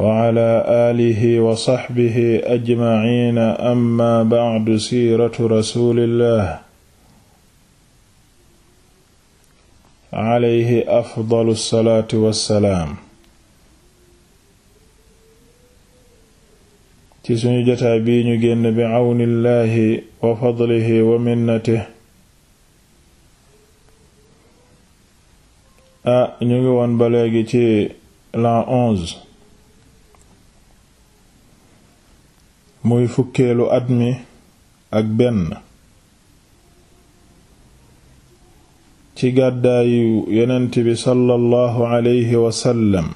wala aalihi wa saxbihi ajmaciina amma bacdu siiratu rasulillah alayhi afdalu salaatu wassalaam ci suñu jotaa bii ñu génn bi cawnillahi wa fadlihi wa minnatihi a ah, ñu ngi woon ba léegi ci la onze muy fukkeelu at mi ak benn ci gàddaayu yonent bi sallallahu alayhi wasallam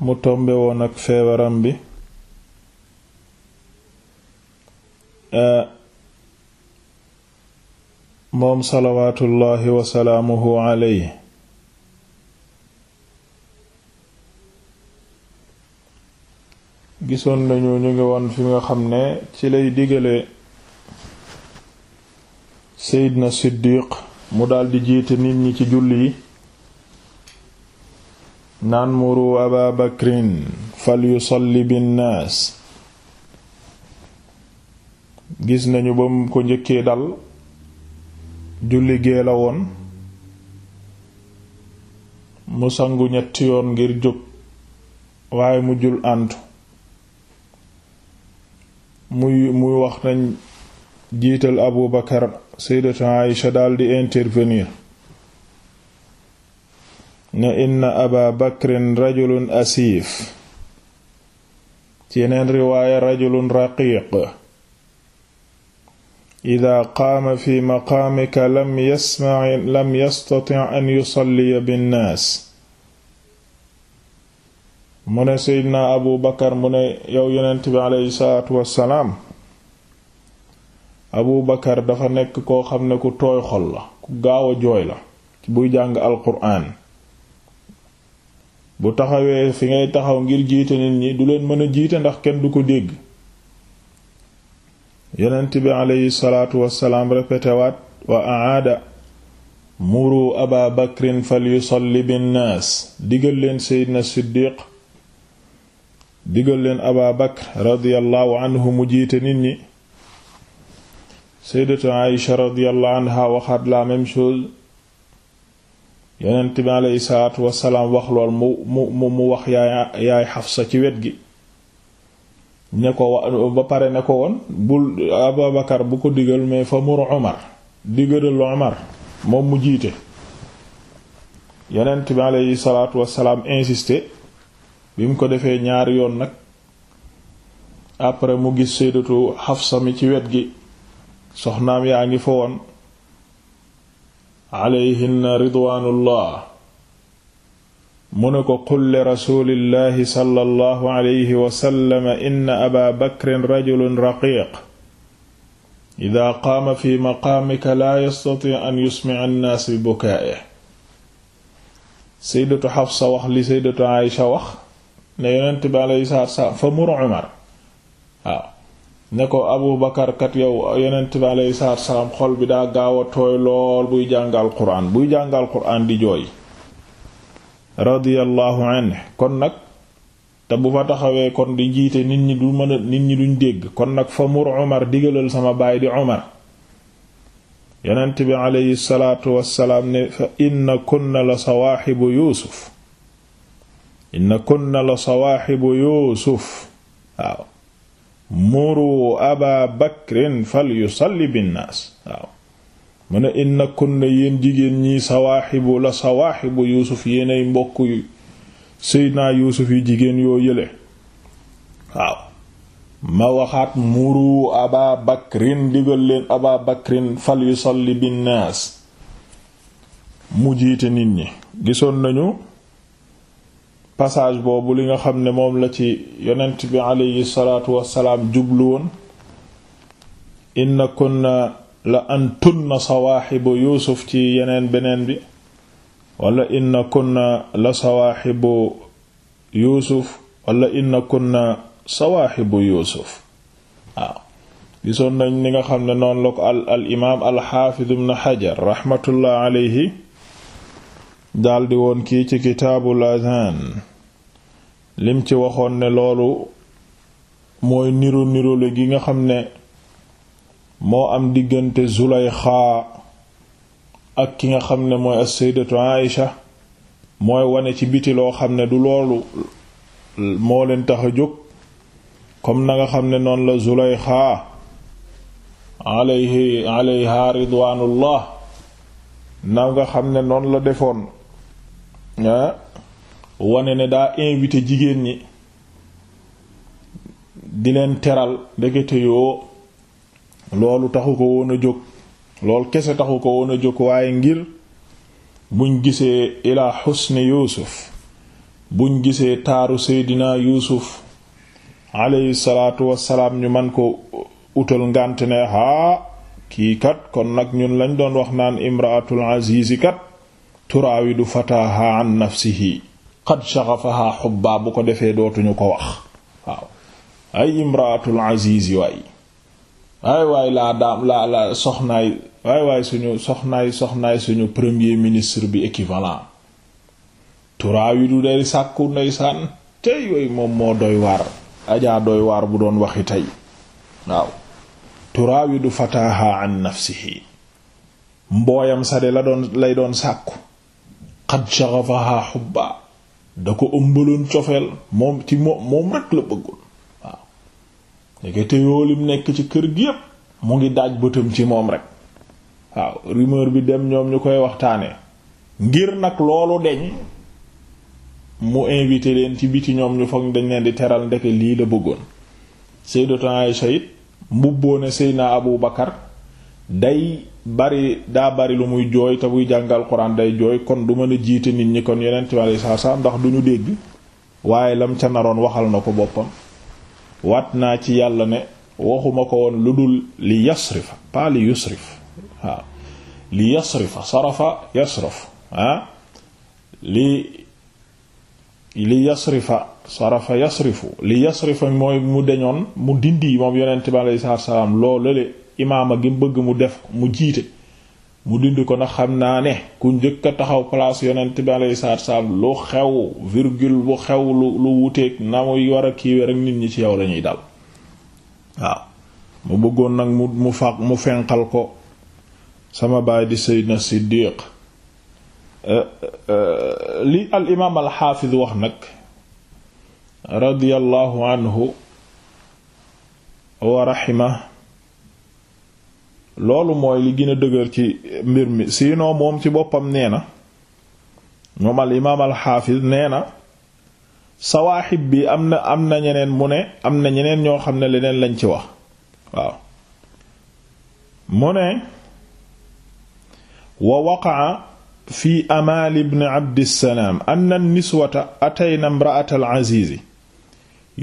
mu tombe woon ak feebaram bi moom salawaatullaahi wasalaamuhu alayhi gisoon nañu ñu ngi woon fi nga xam ne ci lay digale Seydina Siddiq mu daldi jiite nit ñi ci julli yi naan muru aba bakrin fal yusalli binnaas gis nañu ba mu ko njëkkee dal julli gee la woon mu sangu ñett yoon ngir jóg waaye mu jul àntu muy muy wax nañ jiital Abu Bakar sayyidatu Aïsha daldi intervenir ne inna aba bakrin rajulun asiif ci yeneen riwaaya rajulun raqiiq ida qaama fi maqaamika lam yasma lam yastati an yusalliya binnaas mu ne seydina abu bakar mu ne yow yonent bi aleyhi salaatu wassalaam abu bakar dafa nekk koo xam ne ku tooy xol la ku gaaw a jooy la buy jàng alquraan bu taxawee fi ngay taxaw ngir jiite nit ñi du leen mën a jiite ndax kenn du ko dégg yonent bi aleyhi salaatu wassalaam répété waat wa aada muru aba bakrin fal yusalli binnaas digal leen seydina siddiq digal leen Abaa Bakr radiyallahu anhu mu jiite nit ñi sayyidatu Aïsha radiyallahu anha waxaat la même chose yonent bi salaatu wasalaam wax lool mu mu mu wax yaay yaay Xafsa ci wet gi ne ko ba pare ne ko woon bul Abubakar bu ko digal mais fa Umar digalal Umar moom mu jiite yonent bi aleyhi salaatu wasalaam insisté bi mu ko defee ñaar yoon nag après mu gis sayyidatu Xafsa mi ci wet gi soxnaam yaa ngi fa woon alayhinna ridwaanullah mu ne ko qul li rasulillahi sallallahu alayhi wasallam inna aba bakrin rajulun raqiq ida qaama fi maqaamika la yastati an yusmica annaas bi bukaa'ih saydatu xafsa wax li saydatu aysha wax ne yonent bi alayhi salaatu fa mur Umar waaw ne ko Abu Bakar kat yow yonent bi alayhi salaatu salaam xol bi daa gaaw a tooy lool buy jàngal Qur'an buy jàngal Qur'an di jooy radiyallahu anhu kon nag te bu fa taxawee kon di jiite nit ñi du mën nit ñi duñ dégg kon nag fa mur Umar digalal sama baay di Umar yonent bi alayhi salaatu wassalaam ne fa inna kunna la sawaahibu Yuusuf inna kunna la sawaaxibu yuusuf waaw muru aba fal yusalli binnaas waaw mu ne inna kunna yéen jigéen ñi sawaaxibu la sawaaxibu yuusuf yéenay mbokk yu seydinaa yuusuf yu jigéen yoo yële waaw ma waxaat muru aba bakrin digal leen aba fal yusalli binnaas mu jiite nit ñi gisoon nañu passage boobu li nga xam ne moom la ci yonent bi aleyhi salaatu wassalaam jublu woon inna kunna la antunna sawaaxibu yuusuf ci yeneen beneen bi wala inna kunna la sawaaxibu yuusuf wala inna kunna sawaaxibu yuusuf waaw gisoon nañ li nga xam ne noonu la ko al imaam alxaafiz ibn xajar raxmatullah daldi woon kii ci kitaabul azan lim ci waxoon ne loolu mooy niru nirule gi nga xam ne moo am diggante Zulayxa ak ki nga xam ne mooy as-sayyidatu Aïsha mooy wane ci biti loo xam ne du loolu moo leen tax a jóg comme na nga xam ne noonu la Zulayxa alayhi alayha ridwaanullah na nga xam ne noonu la defoon Ah. wane ne daa invité jigéen ñi di leen teral ndekete yoo loolu taxu ko woon jóg loolu kese taxu ko woon a jóg waaye ngir buñ gisee ilaa xusni yuusuf buñ gisee taaru seydinaa yuusuf alayhi salaatu wassalaam ñu man ko utal ngànt ne kii kat kon nag ñun lañ doon wax naan imraatul azizi kat turaawidu fataha du nafsihi ko defee dootuñu ko wax waaw ay imraatul aziz waay suñu premier ministre bi équivalent turaawidu day sàkku ndeysaan tey yooyu moom moo doy waar ajaa doy waar bu doon waxi tey waaw turaawidu fataha an nafsihi mbooyam sa de la doon lay doon sàkku xad shaghafaha hubba da ko ëmbaloon cofeel moom ci moom moom la bëggoon waaw léegi te yoolim nekk ci kër gi yépp mu ngi daaj bëtam ci moom rek waaw rumeur bi dem ñoom ñu koy waxtaanee ngir nag loolu deñ mu invité leen ci biti ñoom ñu foog dañ leen di teral ndeke lii la bëggoon Sayyidatu Aisha it mbubboo ne Seydina Abu Bakar day bari daa bari lu muy jooy te buy jàngal quran day jooy kon du mën jiite nit ñi kon yeneen timaale saa saa ndax duñu dégg waaye lam ca naroon waxal na ko boppam wat naa ci yàlla ne waxuma ko woon lu dul li yasrifa pas li yusrif waaw li yasrifa sarafa yasraf ah li li yasrifa sarafa yasrifu li yasrifa mooy mu deñoon mu dindi moom yonent bi aleyhi salaam loolale imaama gi bëgg mu def mu jiite mu dindi ko na xam naa ne ku njëkk a taxaw place yonent bi alayhi salaatu salaam lu xew virgule bu xew lu lu wuteeg na muy war a kiiwee rek nit ñi ci yow lañuy dal waaw mu bëggoon nag mu mu fa mu fenqal ko sama baay di Seydina Siddiq eh, eh, li al imaam al wax nag radiyallahu anhu wa raxima loolu mooy li gën a dëgër ci mbir mi sinon moom ci boppam nee na moom al imaam al nee na sawaaxib bi am na am na ñeneen mu ne am na ñeneen ñoo xam ne leneen lañ ci wax waaw mu ne wa waqaa fi amaal ibn abdissalaam anna niswata atayna imra'atal azizi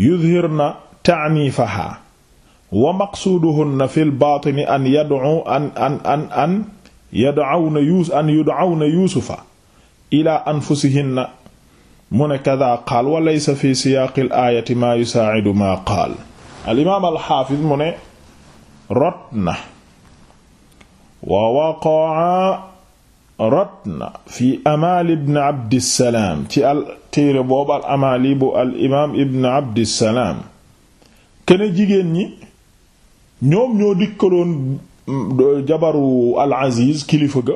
yudhirna ta'nifaha wa maqsuuduhunna fil baatini an yad'u an an an an yad'awna yuusuf an fi siyaaqil aayati maa yusaa'idu maa qaal al imaam al xaafis mu waqa'a rot fi amaal ibn abdissalaam ci kene jigéen ñoom ñoo dikkaloon euh, jabaru al kilifa ga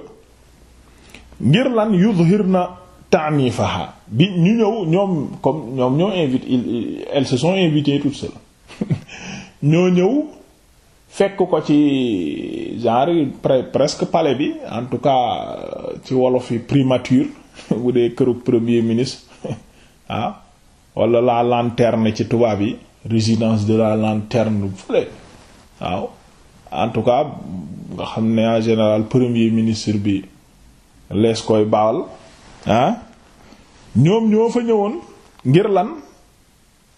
ngir lan yudhirna ta'nifaha bi ñu ñëw ñoom comme ñoom ñoo invité elles se sont invitées toutes seules ñoo ñëw fekk ko ci genre presque pale bi en tout cas euh, ci wolof yi primature bu dee këru premier ministre ah walla la lanterne ci tubaab yi résidence de la lanterne fële waaw en tout cas nga xam ne en général premier ministre bi lees koy baal ah ñoom ñoo fa ñëwoon ngir lan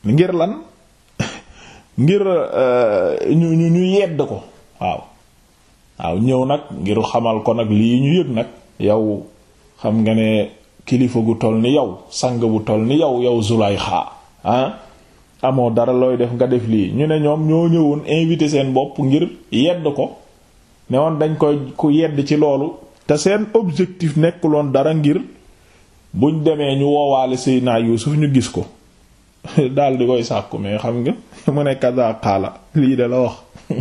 ngir lan ngir euh, ñu ñu ñu yedd ko waaw waaw ñëw nag ngiru xamal ko nag lii ñu yëg nag yow xam nga ne kilifa gu toll ni yow sang bu toll ni yow yow Zulaykha xaa ah. amoo dara looy def nga def lii ñu ne ñoom ñoo ñëwoon invité seen bopp ngir yedd ko ne woon dañ koy ku yedd ci loolu te seen objectif nekkuloon dara ngir buñ demee ñu woowaale naa Yuusuf ñu gis ko daal di koy sàkku mais xam nga mu ne kaza qaala lii de la wax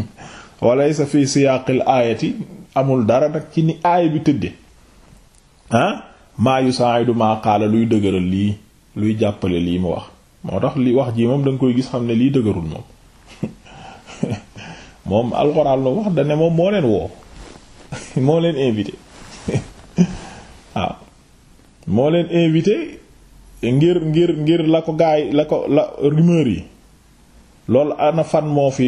walaysa fi siyaaqil aayati amul dara nag ci ni aay bi tëdde ah maayu yusaaidu maa qaala luy dëgëral lii luy jàppale lii mu wax moo tax li wax jii moom da koy gis xam ne lii dëgërul moom moom alxuraan lu wax da moom moo leen woo moo leen invité waaw moo leen invité ngir ngir ngir la ko gaay la ko la rumeur yi loolu ana fan moo fi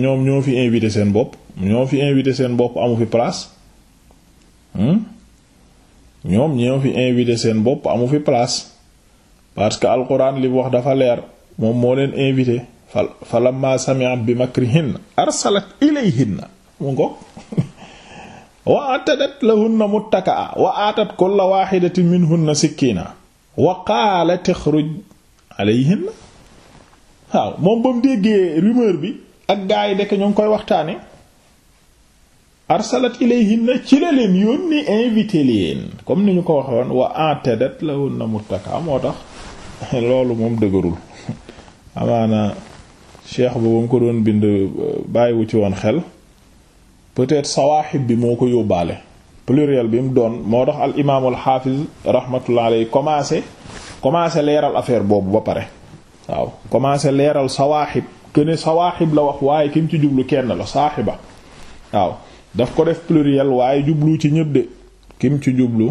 ñoom ñoo fi invité seen bopp ñoo fi invité seen bopp amu fi place hmm? ñoom ñoo fi invité seen bopp amu fi place parce que alquran li bu wax dafa leer moom moo leen invité fa fa lamma sami'at bi makrihinna arsalat ilayhinna mu ngo wa atadat lahunna muttaka'a wa atat kulla wahidatin minhunna sikkina wa qalat ikhruj alayhinna waaw moom ba mu déggee rumeur bi ak gaa yi dekk ñu ngi koy waxtaane arsalat ilayhinna ci la leen yónni invité leen comme ni ñu ko waxoon wa atadat lahunna muttaka'a moo tax loolu moom dëgërul amaana cheikh ba mu ko doon bind euh, bàyyiwu ci woon xel peut-être sawaaxib bi moo ko yóbbaale pluriel bi mu doon moo tax al imaamul xaafiz rahmatullah alayhi commencé commencé leeral affaire boobu ba pare waaw commencé leeral sawaaxib këne sawaaxib la wax waaye ki mu ci jublu kenn la saaxiba waaw daf ko def pluriel waaye jublu ci ñëpp de ki mu ci jublu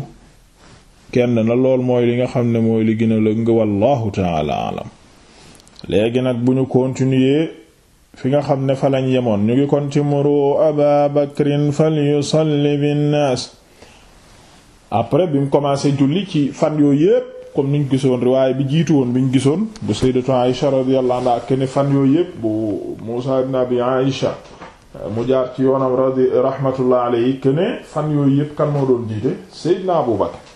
kenn na lool mooy li nga xam ne mooy li gën a lëng wallahu taala alam léegi nag bu ñu continuer fi nga xam ne fa lañ yemoon ñu ngi kon ci muru aba bakrin fal yusalli binnaas après bi mu commencé julli ci fan yooyu yépp comme niñ gisoon riwaay bi jiitu woon bi ñu gisoon bu sayyidatu Aïsha radiyallahu anha ak ne fan yooyu yépp bu Musa ibn Abi Aïsha mu jaar ci yoonam radi rahmatullah alayhi ne fan yooyu yépp kan moo doon jiite sayyidna Abu Bakr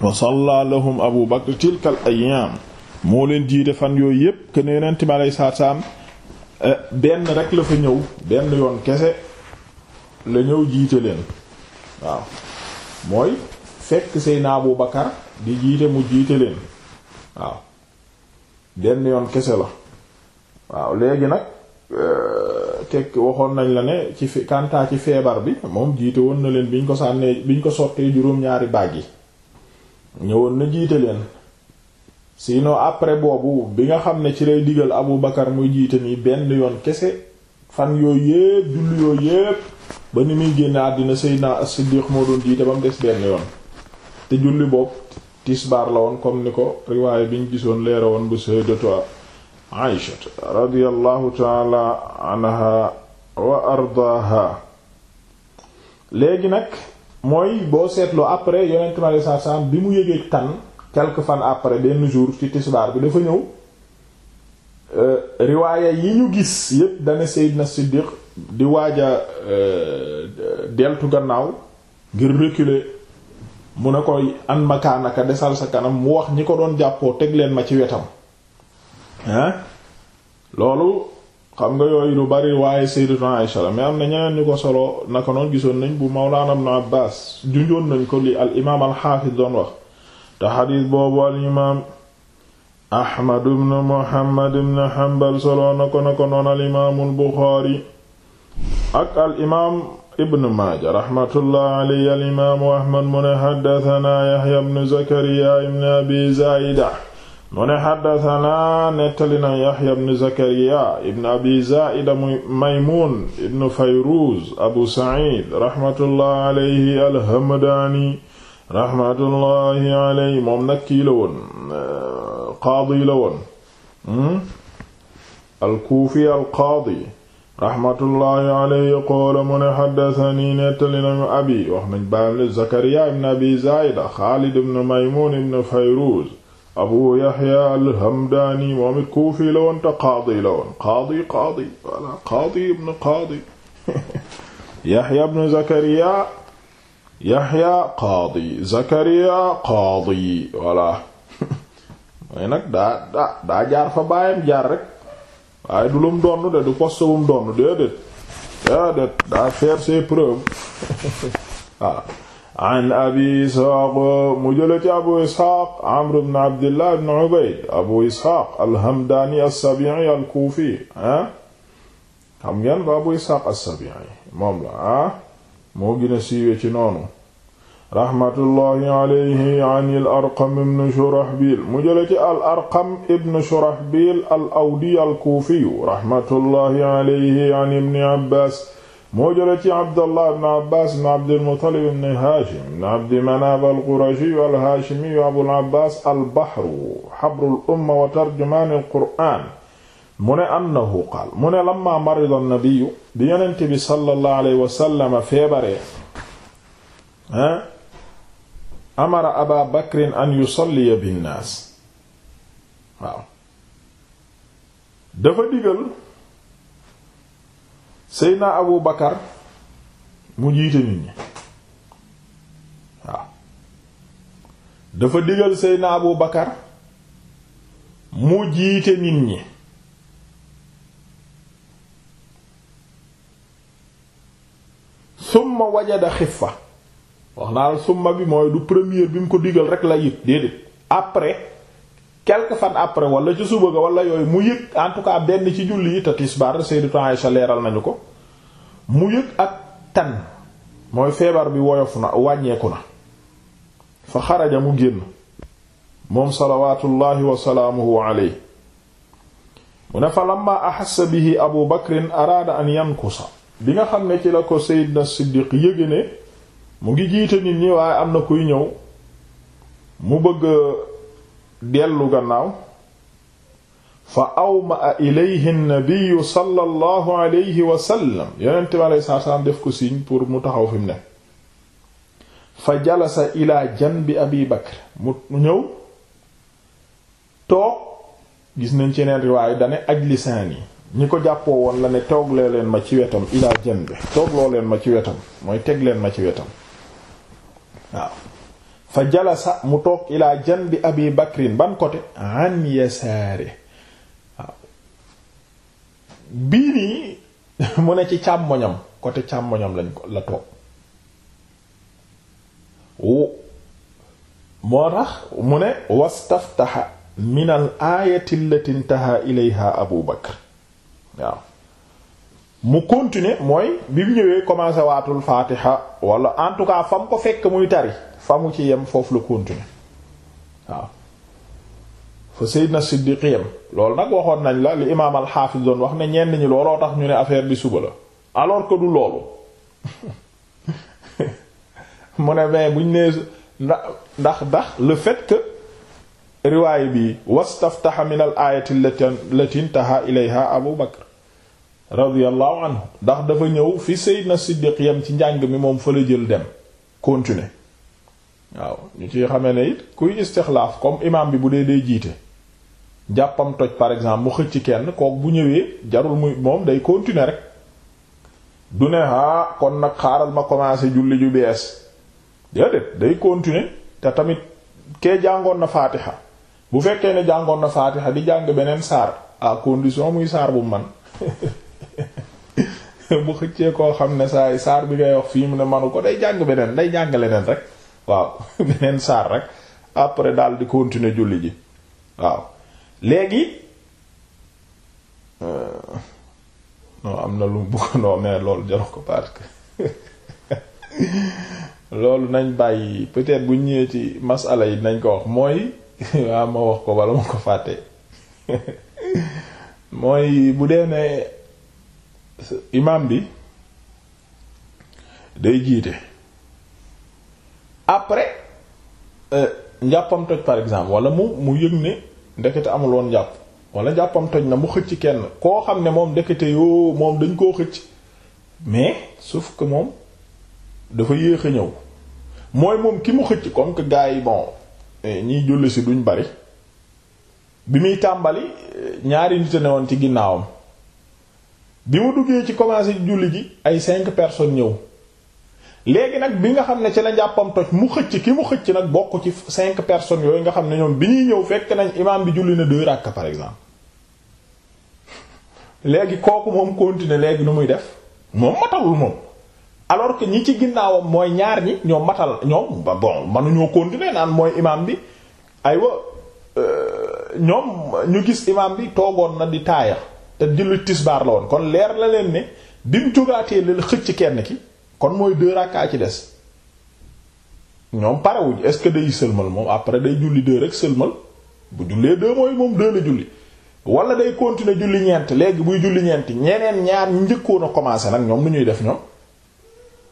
wa salla lahum abu bakr tilka al moo leen jiite fan yooyu yépp que ne yonent mi alayhi eh, benn rek la fa ñëw benn yoon kese la ñëw jiite leen waaw mooy fekk Seydina Abu Bakar di jiite mu jiite leen waaw benn yoon kese la waaw léegi nag eh, tekk waxoon nañ la ne ci fi kantaa ci feebar bi moom jiite woon na leen biñ ko sànnee biñ ko sottee juróom-ñaari baag yi ñëwoon na jiite leen sinon après boobu bi nga xam ne ci lay digal Abu Bakar muy jiite nii benn yoon kese fan yooyu yépp julli yooyu yépp ba ni muy génne àddina Seydina as moo doon jiite ba mu des benn yoon te julli boobu tisbaar la woon comme ni ko riwaaye bi ñu gisoon leera woon bu Sayyidatu Aïsha radiyallahu ta'ala anha wa ardaaha léegi nag mooy boo seetloo après yonent ma saa saa bi mu yëgee tan quelques fan après benn jour ci tisbaar bi dafa ñëw euh, riwaaya yi ñu gis yépp dana na Siddiq di waaja euh, deltu gannaaw ngir reculer mu ne koy an makaanaka desal sa kanam mu wax ñi ko doon jàppoo teg leen ma ci wetam hein loolu xam nga yooyu lu bari waaye sayyidatu Aisha la mais am na ñeneen ñu ko solo naka noon gisoon nañ bu Mawlana Ibn Abbas junjoon nañ ko li al imaam al xaafis doon wax te xadiis boobu al imaam Ahmad ibn Muhammad ibn solo na ko noon al imaamul ak al imaam Maaja raxmatullah alayhi al imaamu mu ne haddasanaa Yahya ibn Zakariya ibn Abi Zaida mu ne xaddatanaa nettali na yaxya ibn zakariya ibn abi zaida maymuun ibn fayruz abu said raxmatullahi alayhi alhamdaani raxmatullahi alayhi moom nag kii la woon euh, qaadi la woon hmm? alkuufi alqaadi raxmatullahi alayhi qaala mu ne xaddatani nettali nañu abi wax nañ baam ne zakariya ibn abi zaida xaalid ibn maymuun ibn fayruz abu yahya alhamdani moom it kuufi la woon qaadi la woon qaadi qaadi voilà qaadi ibn qaadi yahya ibn zakariya yahya qaadi zakariya qaadi voilà mooy nag daa daa daa jaar fa baayam jaar rek waaye du lu mu de du poste bu mu doon déedéet déedéet daa faire ses preuves an abi isxaaq mu jële ci abu isxaaq amr bn abdillah bn ubayd abu isxaaq alhamdaani assabii alkuufi ah xam ngeen ko abu isxaaq assabii moom la ah moo gën a siiwe ci noonu raxmatullahi alayhi an al arqam ibn shurahbil mu jële ci al arqam ibn shurahbil al awdi alkuufi raxmatullahi alayhi an ibn abbaas moo jële ci abdallah ibn abbas ibn abdulmutalib ibn haashim ibn abdi manaaf alqurashiyu alhaashimiyu abul abbas albahru xabrul umma wa tarjumaani alqur'aan mu ne annahu qaal mu ne lamma marida annabiyu bi yonent bi sallallahu alayhi wasallam feebaree ah amara aba bakrin an yusalliya binnaas waaw dafa digal Seydina Abu Bakar mu jiite nit ñi waaw dafa digal Seydina Abu Bakar mu jiite nit ñi summa wajada xiffa wax naa la summa bi mooy du premier bi mu ko digal rek la yëg déedéet après quelque fan après wala ci suba ga wala yooyu mu yëg en tout cas benn ci julli yi te tisbaar Sayyidatu Aisha leeral nañu ko mu yëg ak tan mooy feebar bi woyof na wàññeeku na fa xaraja mu génn moom salawaatullaahi wa salaamuhu alayhi mu ne fa lamma axassa bihi abu bakrin araada an yankusa bi nga xam ne ci la ko seydina siddiq yége mu ngi jiite nit ñi waaye am na kuy ñëw mu bëgg dellu gannaaw fa a ilayhi nnabiu sala allahu alayhi wasallam yonent bi alei satu salaam def ko signe pour mu taxaw fi ne fa jalasa ilaa janbi bi bakr mu ñëw toog gis nañ ci neen riwaayu dane ajlisaan yi ñi ko jàppoo woon la ne toog loo leen ma ci wetam ilaa janbi toog loo leen ma ci wetam mooy teg leen ma ci wetam waaw fa jalasa mu toog ilaa janbi bi bakrin ban côté an bii nii mu ne ci càmmoñam côté càmmoñam lañ ko la toog moo tax mu ne wastaftaha min al aayati allati intaha ilayha abu bakr waaw mu continuer mooy bi mu ñëwee commencé waatul faatiha wala en tout cas fam ko fekk muy tari famu ci yem foofu la continuer waaw fa Seydina Siddiq yem loolu nag waxoon nañ la li imaam al-Hafiz doon wax ne ñenn ñi looloo tax ñu ne affaire bi suba la alors que du loolu mu ne mais buñ nee ndax ndax ndax le riwaay bi wastaftaha min al ayati allati intaha ilayha Abu Bakr radiyallahu anhu ndax dafa ñëw fi Seydina Siddiq yem ci njàng mi moom fa la jël dem continuer waaw ñu ci xamee ne it kuy istixlaaf comme imaam bi bu dee dee jiite jàppam toj par exemple mu xëcc kenn kook bu ñëwee jarul muy moom day continuer rek du ne ah kon nag xaaral ma commencer julli ju bees déedéet day continuer te tamit kee jàngoon na faatiha bu fekkee ne jàngoon na faatiha di jàng beneen saar a condition muy saar bu man bu xëccee koo xam ne saay saar bi ngay wax fii mu ne manu ko day jàng beneen day jàng leneen rek waaw beneen saar rek après daal di continuer julli ji waaw léegi euh, non am na lu mu bëgg non loolu jaru ko park loolu nañ bàyyi peut-être bu ñëwee ci masala yi nañ ko wax mooy waaw ah, ma wax ko wala ma ko fàtte mooy bu dee ne imaam bi day jiite après euh, njàppam toj par exemple wala mu mu yëg ne. ndekete amuloon woon jàpp wala jàppam toj na mu xëcc kenn koo xam ne moom ndekete yoo moom dañ koo xëcc mais suuf ko moom dafa yéex a ñëw mooy moom ki mu xëcc comme que gars yi bon eh, ñiy julli si duñ bari bi muy tàmbali eh, ñaari nit a woon ci ginnaawam bi mu duggee ci commencé julli gi ay cinq personnes ñëw léegi nag bi nga xam ne ci la njàppam toj mu xëcc ki mu xëcc nag bokk ci cinq personnes yooyu nga xam ne ñoom bi ñuy ñëw fekk nañ imaam bi julli na deux rakka par exemple léegi kooku moom continuer léegi nu muy def moom matalul moom alors que ñi ci ginnaawam mooy ñaar ñi ñoom matal ñoom ba bon mënuñoo continuer naan mooy imaam bi ay aywa euh, ñoom ñu gis imaam bi toogoon na di taaya te dillu tisbaar la woon kon leer la leen ne bi mu jógaatee la xëcc kenn ki kon mooy deux rakka ci des ñoom parewuñ est-ce que day sëlmal moom après day julli deux rek sëlmal bu jullee deux mooy moom deux la julli wala day continuer julli ñeent léegi buy julli ñeent ñeneen ñaar njëkkoon a commencé nag ñoom lu ñuy def ñoom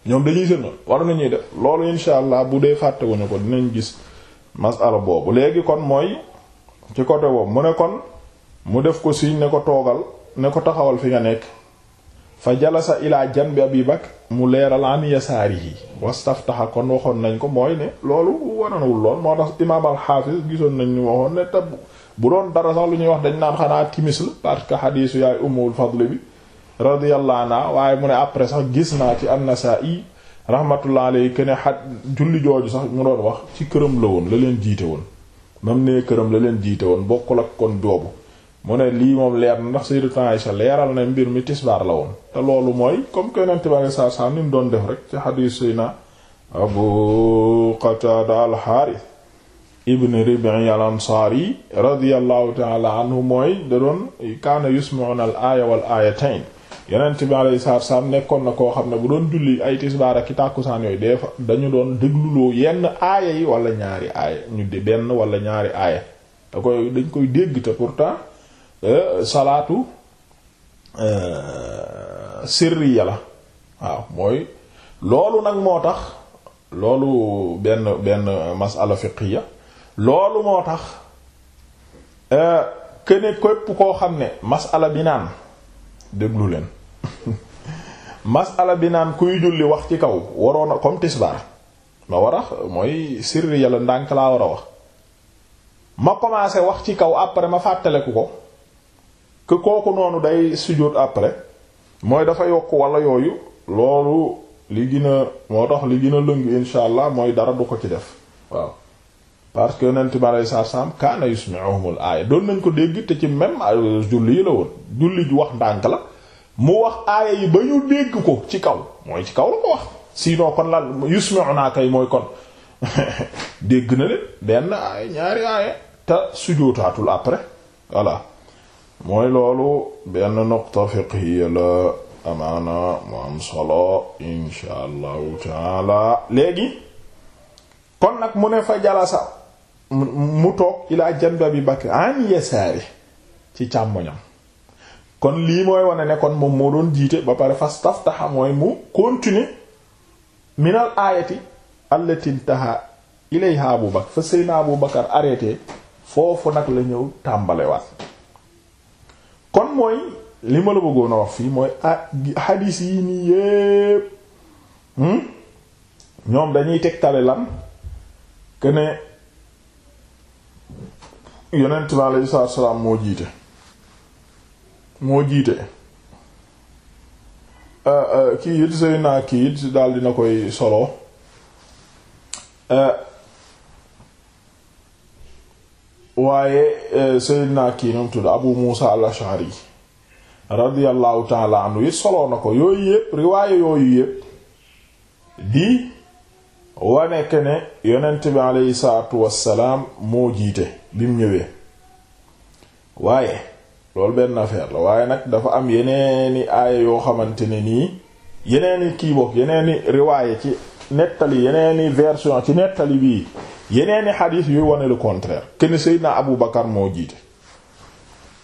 ñoom dañuy sëlmal war nañuy def loolu insha allah bu dee fàttewuñu ko dinañ gis masala boobu léegi kon mooy ci côté boobu mu ne kon mu def ko siñ ne ko toogal ne ko taxawal fi nga nekk fa jalasa ilaa janbi abi bakr mu leeral yi yasaarihi taxa kon waxoon nañ ko mooy ne loolu waranawul lool moo tax imaam alxaafis gisoon nañ ñu waxoon ne te bu doon dara sax lu ñuy wax dañ naan xanaa timis parce que xadiisu yaay umul fadl bi radiyallahu anha waaye mu ne après sax gis naa ci an-Nasaa'i rahmatullah alayhi que ne xat julli jooju sax mu doon wax ci këram la woon la leen jiite woon mam ne këram la leen jiite woon bokkul ak kon boobu mu ne lii moom leer na ndax Sayyidatu Aisha leeral na mbir mi tisbaar la woon te loolu mooy comme que Yonent bi saa saa ni mu doon def rek ci xadiis Seydina Abu Qatada al-Harith ibn Rib'i al-Ansari radiyallahu ta'ala anhu mooy da doon kaana yusmi'una al-aaya wal-aayatayn Yonent bi saa saa nekkoon na koo xam ne bu doon julli ay tisbaar ak i tàkkusaan yooyu des fois dañu doon dégluloo yenn aaya yi wala ñaari aaya ñu di benn wala ñaari aaya Euh, salaatu euh, sirriya la waaw mooy loolu nag moo tax loolu benn benn masala fiqiya loolu moo tax kene euh, képp koo xam ne masala bi naan déglu leen masala bi naan kuy julli wax ci kaw waroon a comme tisbaar ma war mooy sirriya la ndànk laa war a wax ma commencé wax ci kaw après ma fàttaleku ko kooku noonu day sujjóot après mooy dafa yokk wala yooyu loolu li gën a moo tax li gën lëng insha mooy dara du ko ci def waaw parce que yonent bi alei saatu salaam kaana yusmi'uhumul aaya doon nañ ko dégg ci même julli yi la woon julli wax ndànk la mu wax aaya yi ba ci kaw mooy ci kaw la ko wax kay mooy kon dégg na leen benn aaya ñaari aaya te sujjóotaatul après voilà mooy loolu benn nuqta fiqhiya la amaana mu am solo insha allahu taala léegi kon nag mu ne fa jalasa mu toog ilaa janbi Abi Bakr an yasaari ci càmmoñam kon lii mooy wane ne kon moom moo doon jiite ba pare fastaftaha mooy mu continuer minal aayati allati intaha ilayha Abu Bakr fa seyna Abu Bakr arrêté foofu nag la ñëw tàmbalewaat kon mooy li ma la bëggoon a wax fii mooy hadis yi nii yépp hmm? ñoom dañuy tegtale lan que ne yonent bi aleyhi salaatu salaam moo jiite moo jiite euh, euh, kii it sëy naa kii it daal dina koy solo euh, waaye eh, na kii nu mu tudd Abu Musa al-Ash'ari radiyallahu taala anhu soloo na ko yooyu yëpp riwaaye yooyu yëpp di wane ne yonent bi aleyhi salaatu wassalaam moo jiite bi mu ñëwee waaye loolu benn affaire la waaye nag dafa am yeneeni aaya yoo xamante ne nii yeneeni kii boog yeneeni riwaaye ci nettali yeneeni version ci nettali bii yeneeni xadiis yuy wane le contraire kenn Seydina Abu Bakar moo jiite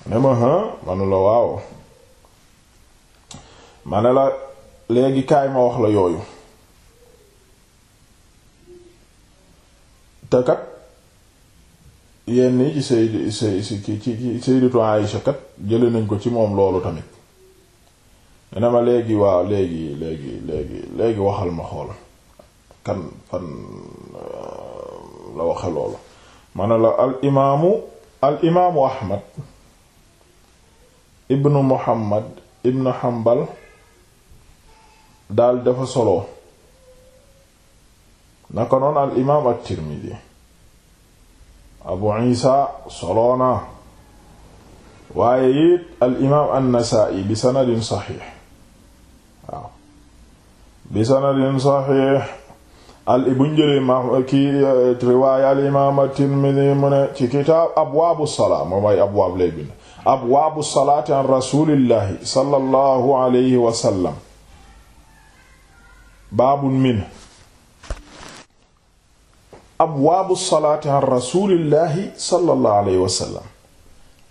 ne ma hë manu la waaw ma ne la léegi kaay ma wax la yooyu te kat yenn yi ci Seyd ci Sayyidatu Aïsha kat jële nañ ko ci moom loolu tamit ne ma léegi waaw léegi léegi léegi léegi waxal ma xool kan fan la waxe loolu ma ne la al imaamu al imaamu ahmad ibnu muhammad ibnu hambal daal dafa solo naka noon al imaam al tirmidi abu isa solo na waaye it al imaam al nasai bi sanadin saxiix waaw bi sanadin saxiix al buñ jëlee imaam kii eh, riwaaya al imaam at-Tirmidhi mu ne abwaabu salaati an rasuulillahi sallallahu alayhi wa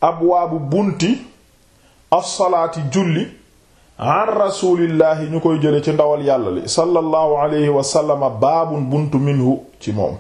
abwaabu bunti as-salaati julli an rasulillahi ñu koy jële ci ndawal yàlla li sallallahu alayhi wa sallama baabun buntu minhu ci moom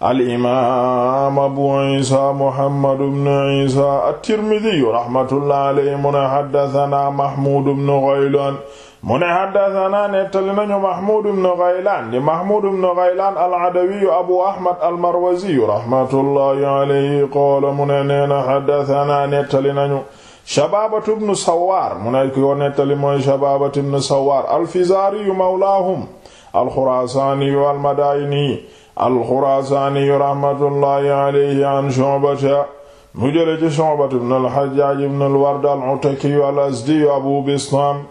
al imaam abu isa muhammad ibn isa at-tirmidhi rahmatullah alayhi mu ne haddathana mahmud ibn ghaylan mu ne haddathana nettali nañu mahmud ibn ghaylan di mahmud ibn ghaylan al-adawi abu ahmad al-marwazi rahmatullahi alayhi qaala mu ne neena haddathana nettali nañu shabaabatu ibnu sawaar mu ne ko nettali mooy shabaabatu ibnu sawaar alfizaariyu mawlaahum alxurasaaniyu almadaayiniyu alxurasaaniyu raxmatullaahi alayhi an Shu'bata mu jële ci Shu'bata ibnu alxajjaaj ibnu alward al-Utakiyu al-Azdiyu abu Bistaam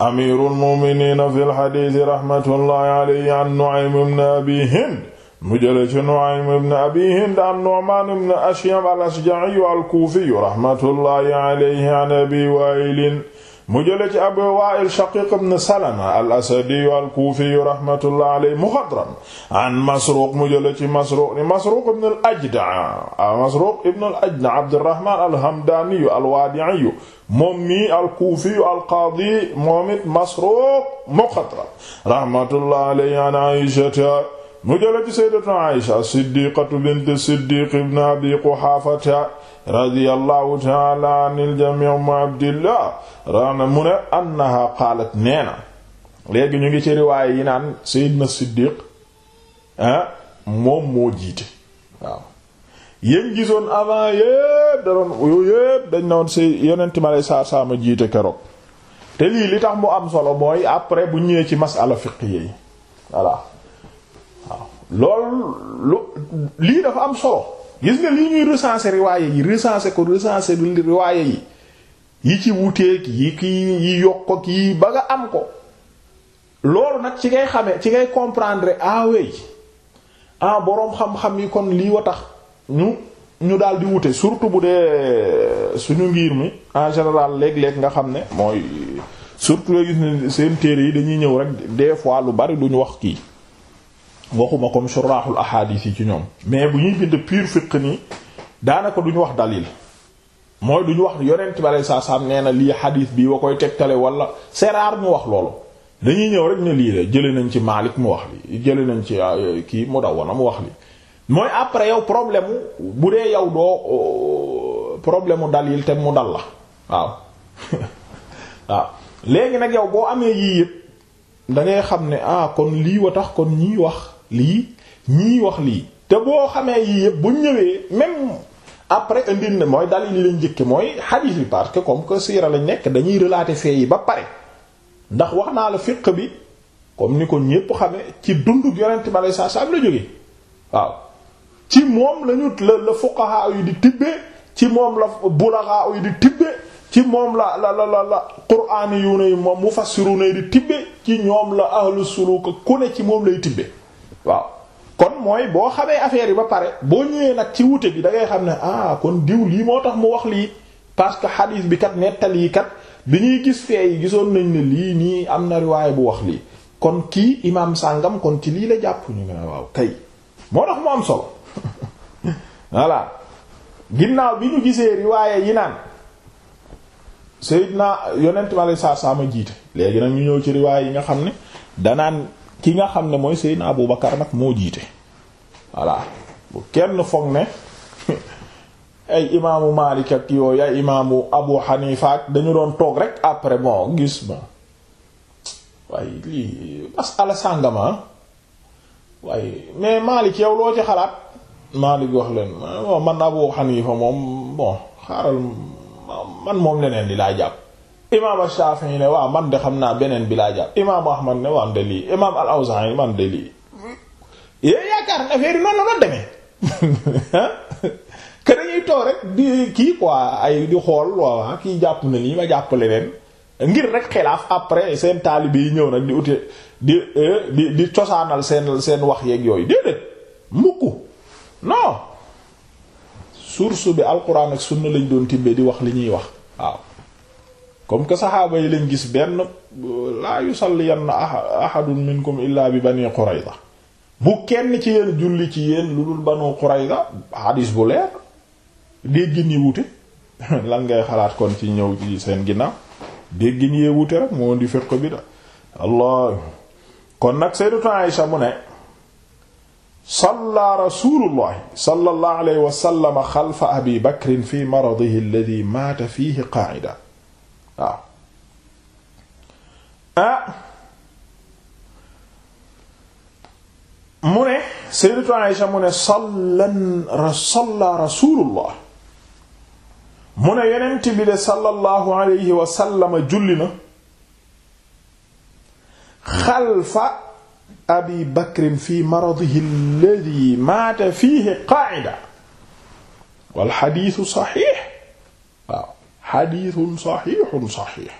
amiirul mu'miniina fil xadiisi raxmatullaahi alayhi an Nu'aym ibnu abi Hind mu jële ci Nu'aym ibn Abi Hind an Nu'man ibn Ashyam al-Ashja'i al-Kufi rahmatullahi alayhi an Abi Wa'il mu jële ci Abu Wa'il Shaqiq ibn Salama al-Asadi al-Kufi rahmatullahi alayhi mukhadram an Masruq mu jële ci Masruq Masruq ibn al-Ajda' Masruq ibn al-Ajda' Abdurrahman al-Hamdani al-Wadi'i moom mi al-Kufi al-Qadi moom it Masruq mukhadram rahmatullahi alayhi an Aisha mu jële ci sayyidatu Aisha siddiqatu bint siddiq ibn abi quhaafata radiyallahu ta'ala anil jami' mu abdillah rana mu ne annaha qaalat nee na léegi ñu ngi ci riwaaya yi naan sayyidna siddiq ah moom moo jiite waaw yéen gisoon avant yépp da yépp dañ nawoon say yonent ma lay saar saama jiite keroog te lii li tax mu am solo mooy après bu ñëwee ci masala fiqh yi voilà lool lu lii dafa am solo gis nga lii ñuy recenser riwaaye yi recenser ko recenser li riwaaye yi yi ci wuteek yi kii yi yokk ak yi ba nga am ko loolu nag ci ngay xamee ci ngay comprendre awey ah, ah boroom xam-xam yi kon lii wa tax ñu ñu daal di wute surtout bu dee suñu ngir mi en général léeg-léeg nga xam ne mooy surtout nga gis ne seen téere yi dañuy ñëw rek des fois lu bari duñu wax kii waxuma comme suraaxul ahadis yi ci ñoom mais bu ñuy bind pur fiq nii daanaka duñu wax dalil mooy duñu wax yonent bale saa saam nee na lii xadiis bi wa koy tegtale wala c'est rare mu wax loolu dañuy ñëw rek ne lii la jële nañ ci Maalik mu wax li jële nañ ci euh, kii mu daw wala mu wax li mooy après yow problème bu dee yow doo euh, problème mu dalil te mu dal la waaw waaw léegi nag yow boo amee yii yëpp da xam ne ah kon lii wa tax kon ñii wax lii ñii wax lii te boo xamee yii yëpp bu ñëwee même après indil na mooy dalil yi lañ njëkke mooy hadith bi parce que comme que siira lañ nekk dañuy relater fee yi ba pare ndax wax naa la fiq bi comme ni ko ñépp xame ci dundug yonent bi alei satu salaam la jógee waaw ci moom lañu la la di tibbee ci moom la bulaga yi ci moom la la la la la qur'aani yu ne moom mufassiruna yi di tibbee ci ñoom la ahlu suluk ku ne ci moom lay tibbee waaw kon mooy boo xamee affaire yi ba pare boo ñëwee nag ci wute bi dangay xam ne ah kon diw lii moo tax mu wax lii parce que xadiis bi kat nettali kat bi ñuy gis fee yi gisoon nañ ni lii nii am na riwaay bu wax lii kon kii imaam sàngam kon ci lii la jàpp ñu ngi ne waaw kay moo tax mu am solo voilà ginnaaw bi ñu gisee riwaay yi naan Seydina yonent ma lay saa saa ma jiite léegi nag ñu ñëw ci riwaay yi nga xam ne danaan. ki nga xam ne mooy Seydina bu Bakar nag moo jiite voilà bu kenn foog ne ay imaamu Maalik ak yooyu ay imaamu Abu Hanifa dañu doon toog rek après bon gis bon waaye lii masala sàngama ah. waaye mais Maalik yow loo ci xalaat Maalik wax leen ah, man Abu Hanifa moom bon xaaral man moom leneen li laa jàpp imaam Shaafi'i ne waa man de xam naa beneen bi laa jàpp imaam Ahmad ne waaw de man de lii yéen yaakaar na affaire yi noonu la demee que dañuy toog rek di kii quoi ay di xool waaw ah, kii jàpp na nii ma jàpp leneen ngir rek xilaaf après seen taalibe yi ñëw nag di ute di eh, di di cosaanal seen seen wax yeeg yooyu déedéet mukk non source bi alquran ak sunna lañ doon tibbee di wax li ñuy wax waaw. comme que saxaaba yi lañ gis benn laa yusalliyanna ahadun minkum illaa bi bani qurayza bu kenn ci yéen julli ci yéen lu dul banu qurayza hadis bu leer dégg ni wute lan ngay xalaat kon ci ñëw ci seen ginnaaw dégg ni yee wute rek moo di fiqh bi da allah kon nag sayyidatu Aisha mu ne salla rasulullahi sallallahu alayhi wa sallam xalfa abi bakrin fi maradihi alladhi maata fihi qaa'ida waaw ah mu ne sayyidatu Aisha mu ne salla salla rasulullah mu ne yonent bi de sallallahu alayhi wa sallama julli na xalfa abi bakrin fi maradihi alladhi maata fiihi qaa'ida wal hadiisu saxiix xadiisun saxiixun saxiix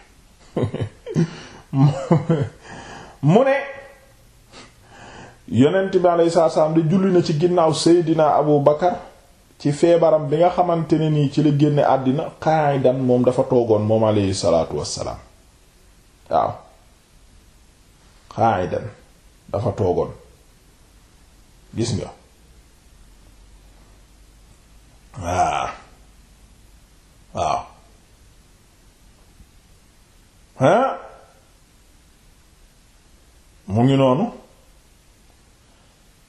mu ne yonent bi alayhi salaatu di julli na ci ginnaaw seydina abu bakar ci feebaram bi nga xamante ne nii ci la génne àddina qaa'idan moom dafa toogoon moom alayhi salaatu wassalaam waaw qaa'idan dafa toogoon gis nga waaw waaw ah mu ngi noonu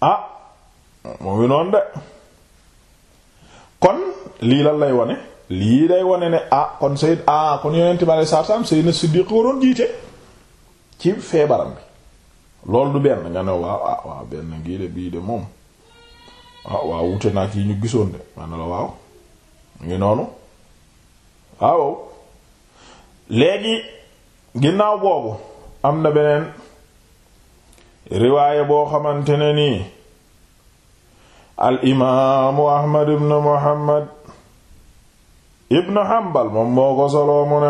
ah mu ngi noonu de kon lii lan lay wone lii day wane ne ah kon Sayyid ah kon yonent bi alayhi salaam Sayyidina Siddiq waroon jiite ci feebaram bi loolu du benn nga ne waaw ah waaw benn ngii de bii de moom ah waaw wute naa yi ñu gisoon de ma ne la waaw mu ngi noonu ah, waaw léegi ginnaaw boobu am na beneen riwaaye boo xamante ne nii al imaamu ahmad ibn muhammad ibn hanbal moom moo ko soloo mu ne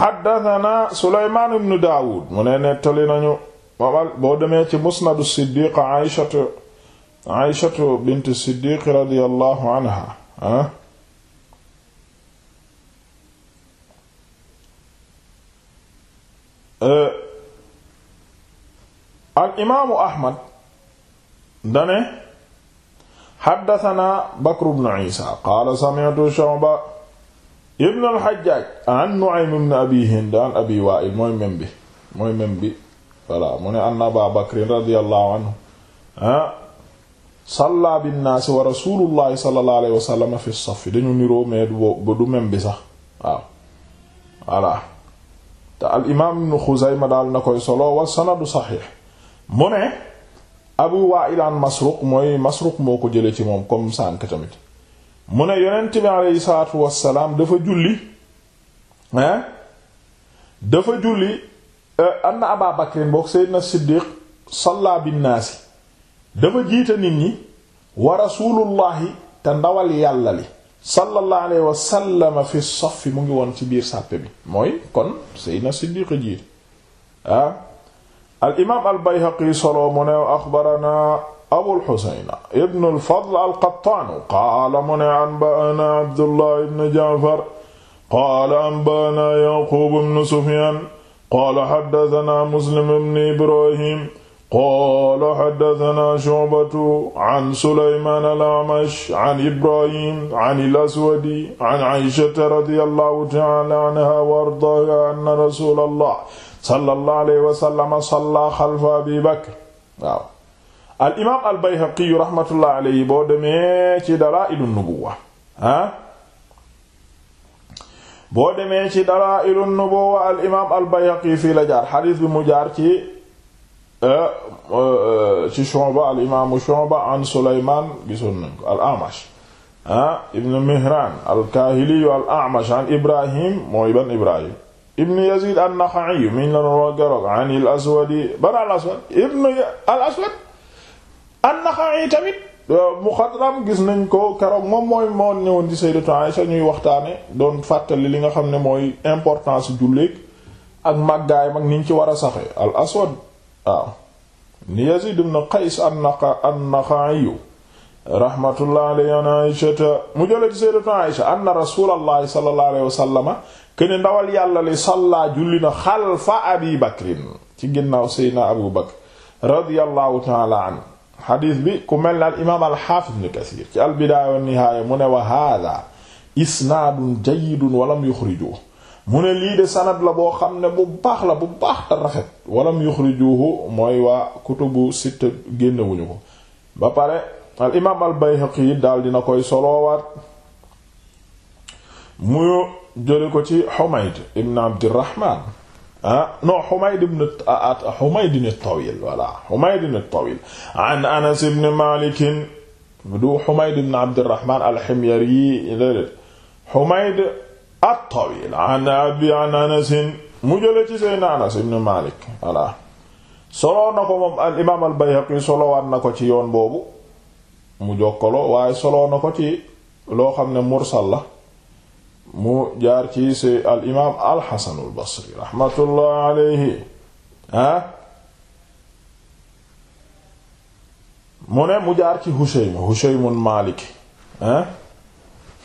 xaddatanaa suleymaan ibn daawud mu ne nettali nañu moom boo demee ci musnadu siddiq aishatu aishatu bint siddiq radiyallahu anha ah. al imaamu ahmad dane xaddatanaa bakru bnu isa qaala sami'tu shu'ba ibn al an nu'aym ibn abi hind abi wa'il mooy mem bi mooy mem bi voilà mu ne anna aba bakrin radiyallahu anhu salla binnaasi wa rasulullahi sallallahu alayhi wa sallam fi safi dañu niroo mais du mem te al imaam ibnu Xuzayma daal na koy solo wa sanadu saxiix mu ne Abu Waa'il an Masruq mooy Masruq moo ko jëlee ci moom comme sànk tamit mu ne yonent bi aleyhi salaatu wassalaam dafa julli hein dafa julli eh, anna Abaa Bakrin boog Seydina Siddiq salla binnaasi dafa jiite nit ñi wa rasuulullahi te ndawal yàlla li sallallahu alayhi wa sallam fi saffi mu ngi woon ci biir sàppe bi mooy kon Seydina Siddiq jiir ah al imaam al Bayhaqi solo mu ne axbarana Abul Husayn ibn al Fadl al Qattaan qaala mu ne anba'ana Abdullah ibn Ja'far qaala anba'ana Yaqub ibn Sufyaan qaala haddathana Muslim ibn Ibrahim qaala xaddatana Shu'batu an Sulaymaan al-A'mash an Ibrahim an al-Aswadi an Aysata radiyallahu ta'ala anha wa ardaaha anna rasuulallah sallallahu alayhi wa sallam salla xalfa Abi Bakr waaw al-imaam al-Bayhaqi rahmatullahi alayhi boo demee ci Dalaa'il an-Nubuwwa ah boo demee ci Dalaa'il an-Nubuwwa al-imaam al-Bayhaqi fii la jaar xadiis bi mu jaar ci Euh, euh, ci Shu'ba al imaamu Shu'ba an Sulaymaan gisoon nañ ko al A'mash ah ibn Mihran al Kaahili al A'mash an Ibrahim mooy ban Ibrahim ibn Yazid an-Nakha'i miñ la doon wax an al al Aswad al Aswad tamit euh, muxadram gis nañ ko keroog moom mooy moo ñëwoon di Sayyidatu Aisha ñuy waxtaane doon fàttali li nga xam ne mooy importance julleek ak màggaayam mag niñ ci war a saxe al Aswad waaw ni Yazid ibn Qays an-Nakha'i rahmatullah alayhi an Aysata mu jële ci sayyidatu Aysa anna rasulallahi sallallahu alayhi wa sallama kene ndawal yàlla li salla julli na xalfa abi bakrin ci ginnaaw seydna abu bakr radiyallahu taala anhu xadiis bi ku mel ne al imaam al xaafiz ibn Kasiir ci al bidaaya wa nihaaya mu ne wa haaza isnaadun jayyidun wa lam yuxrijuhu mu ne lii de sanad la boo xam ne bu baax la bu baax te rafet walam yuxrijuhu mooy waa kutubu sitta génnewuñu ko ba pare al imaam al bayhaqi daal dina koy soloowaat mu jële ko ci xumayd ibn abdirahman ah non xumayd ibn xumayd ibn tawil wala xumayd ibn tawil an anas ibn al ximyari yi at-Tawil an abi an anasin mu jële ci Seydina Anas ibn Malik voilà soloo na ko moom al imaam al Bayhaqi solowaat na ko ci yoon boobu mu jokkaloo waaye soloo na ko ci loo xam ne mursal la mu jaar ci si al imaam al Hasan al Basri rahmatullah alayhi ah mu ne mu jaar ci Hushaym Hushaymun Malik ah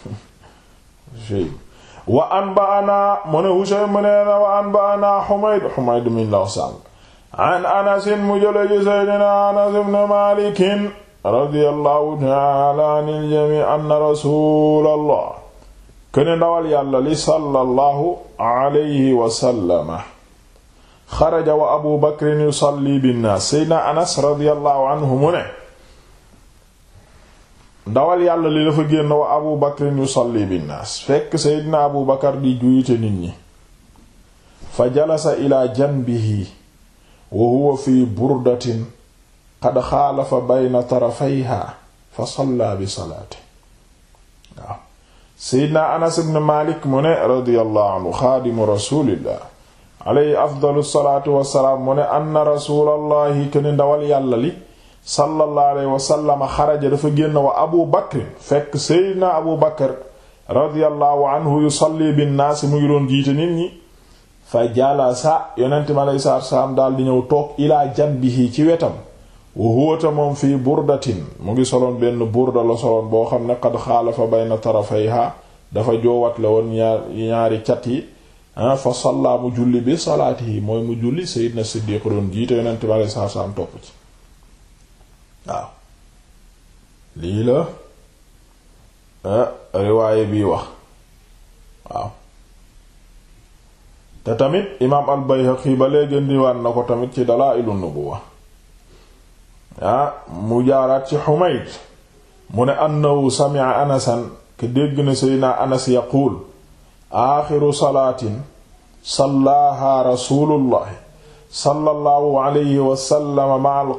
Hushaym wa anba'ana mu ne Husaym mu nee na wa anba'ana Humayd Humayd min law sàng an anasin mu jële ji seydina Anas ibn Malik radiyallahu ta'ala anil jami' anna rasulallah kene ndawal yàlla li sallallahu alayhi wa sallama xaraja wa Abu Bakr yusalli bin nas seydina Anas radiyallahu anhu mu ne ndawal yàlla li dafa génn wa abu bakrin yusalli binnaas fekk seydina abu bakar di juyite nit ñi fa jalasa ila janbihi wa huwa fi burdatin qad xaalafa bayna tarafayha fa salla bi salaati waaw seydina anas ibn malik mu ne radiyallahu anhu xaadimu rasulillah alayhi afdalu salaatu wassalaam mu ne anna rasulallahi keni ndawal yàlla li sallallahu wa sallam xaraja dafa génn wa abu bakr fekk seydina abu bakr radiyallahu anhu yusalli bin naas mu ngi doon jiite nit ñi fa jalasa yonent mi salaam daal di ñëw toog ilaa janbihi ci wetam wa huwa ta moom fii burdatin mu ngi soloon benn burda la soloon boo xam ne qad xaalafa bayna tarafayha dafa joowat la woon ñaar ñaari cat yi fa salla mu julli bi salaatihi mooy mu julli seydina siddiq doon jiite yonent mi salaam topp ci waaw lii la eh, riwaaye bii wax te tamit imaam al-Bayhaqi ba léegi ndiwaan na ko tamit ci Dalaa'ilun Nubuwwa ah, mu jaaraat ci Humayd mu ne annahu sami'a Anasan ke dégg na Seydina Anas yaquul aaxiru salaatin sallaaha rasuulullahi sallallahu alayhi wa sallam ma'al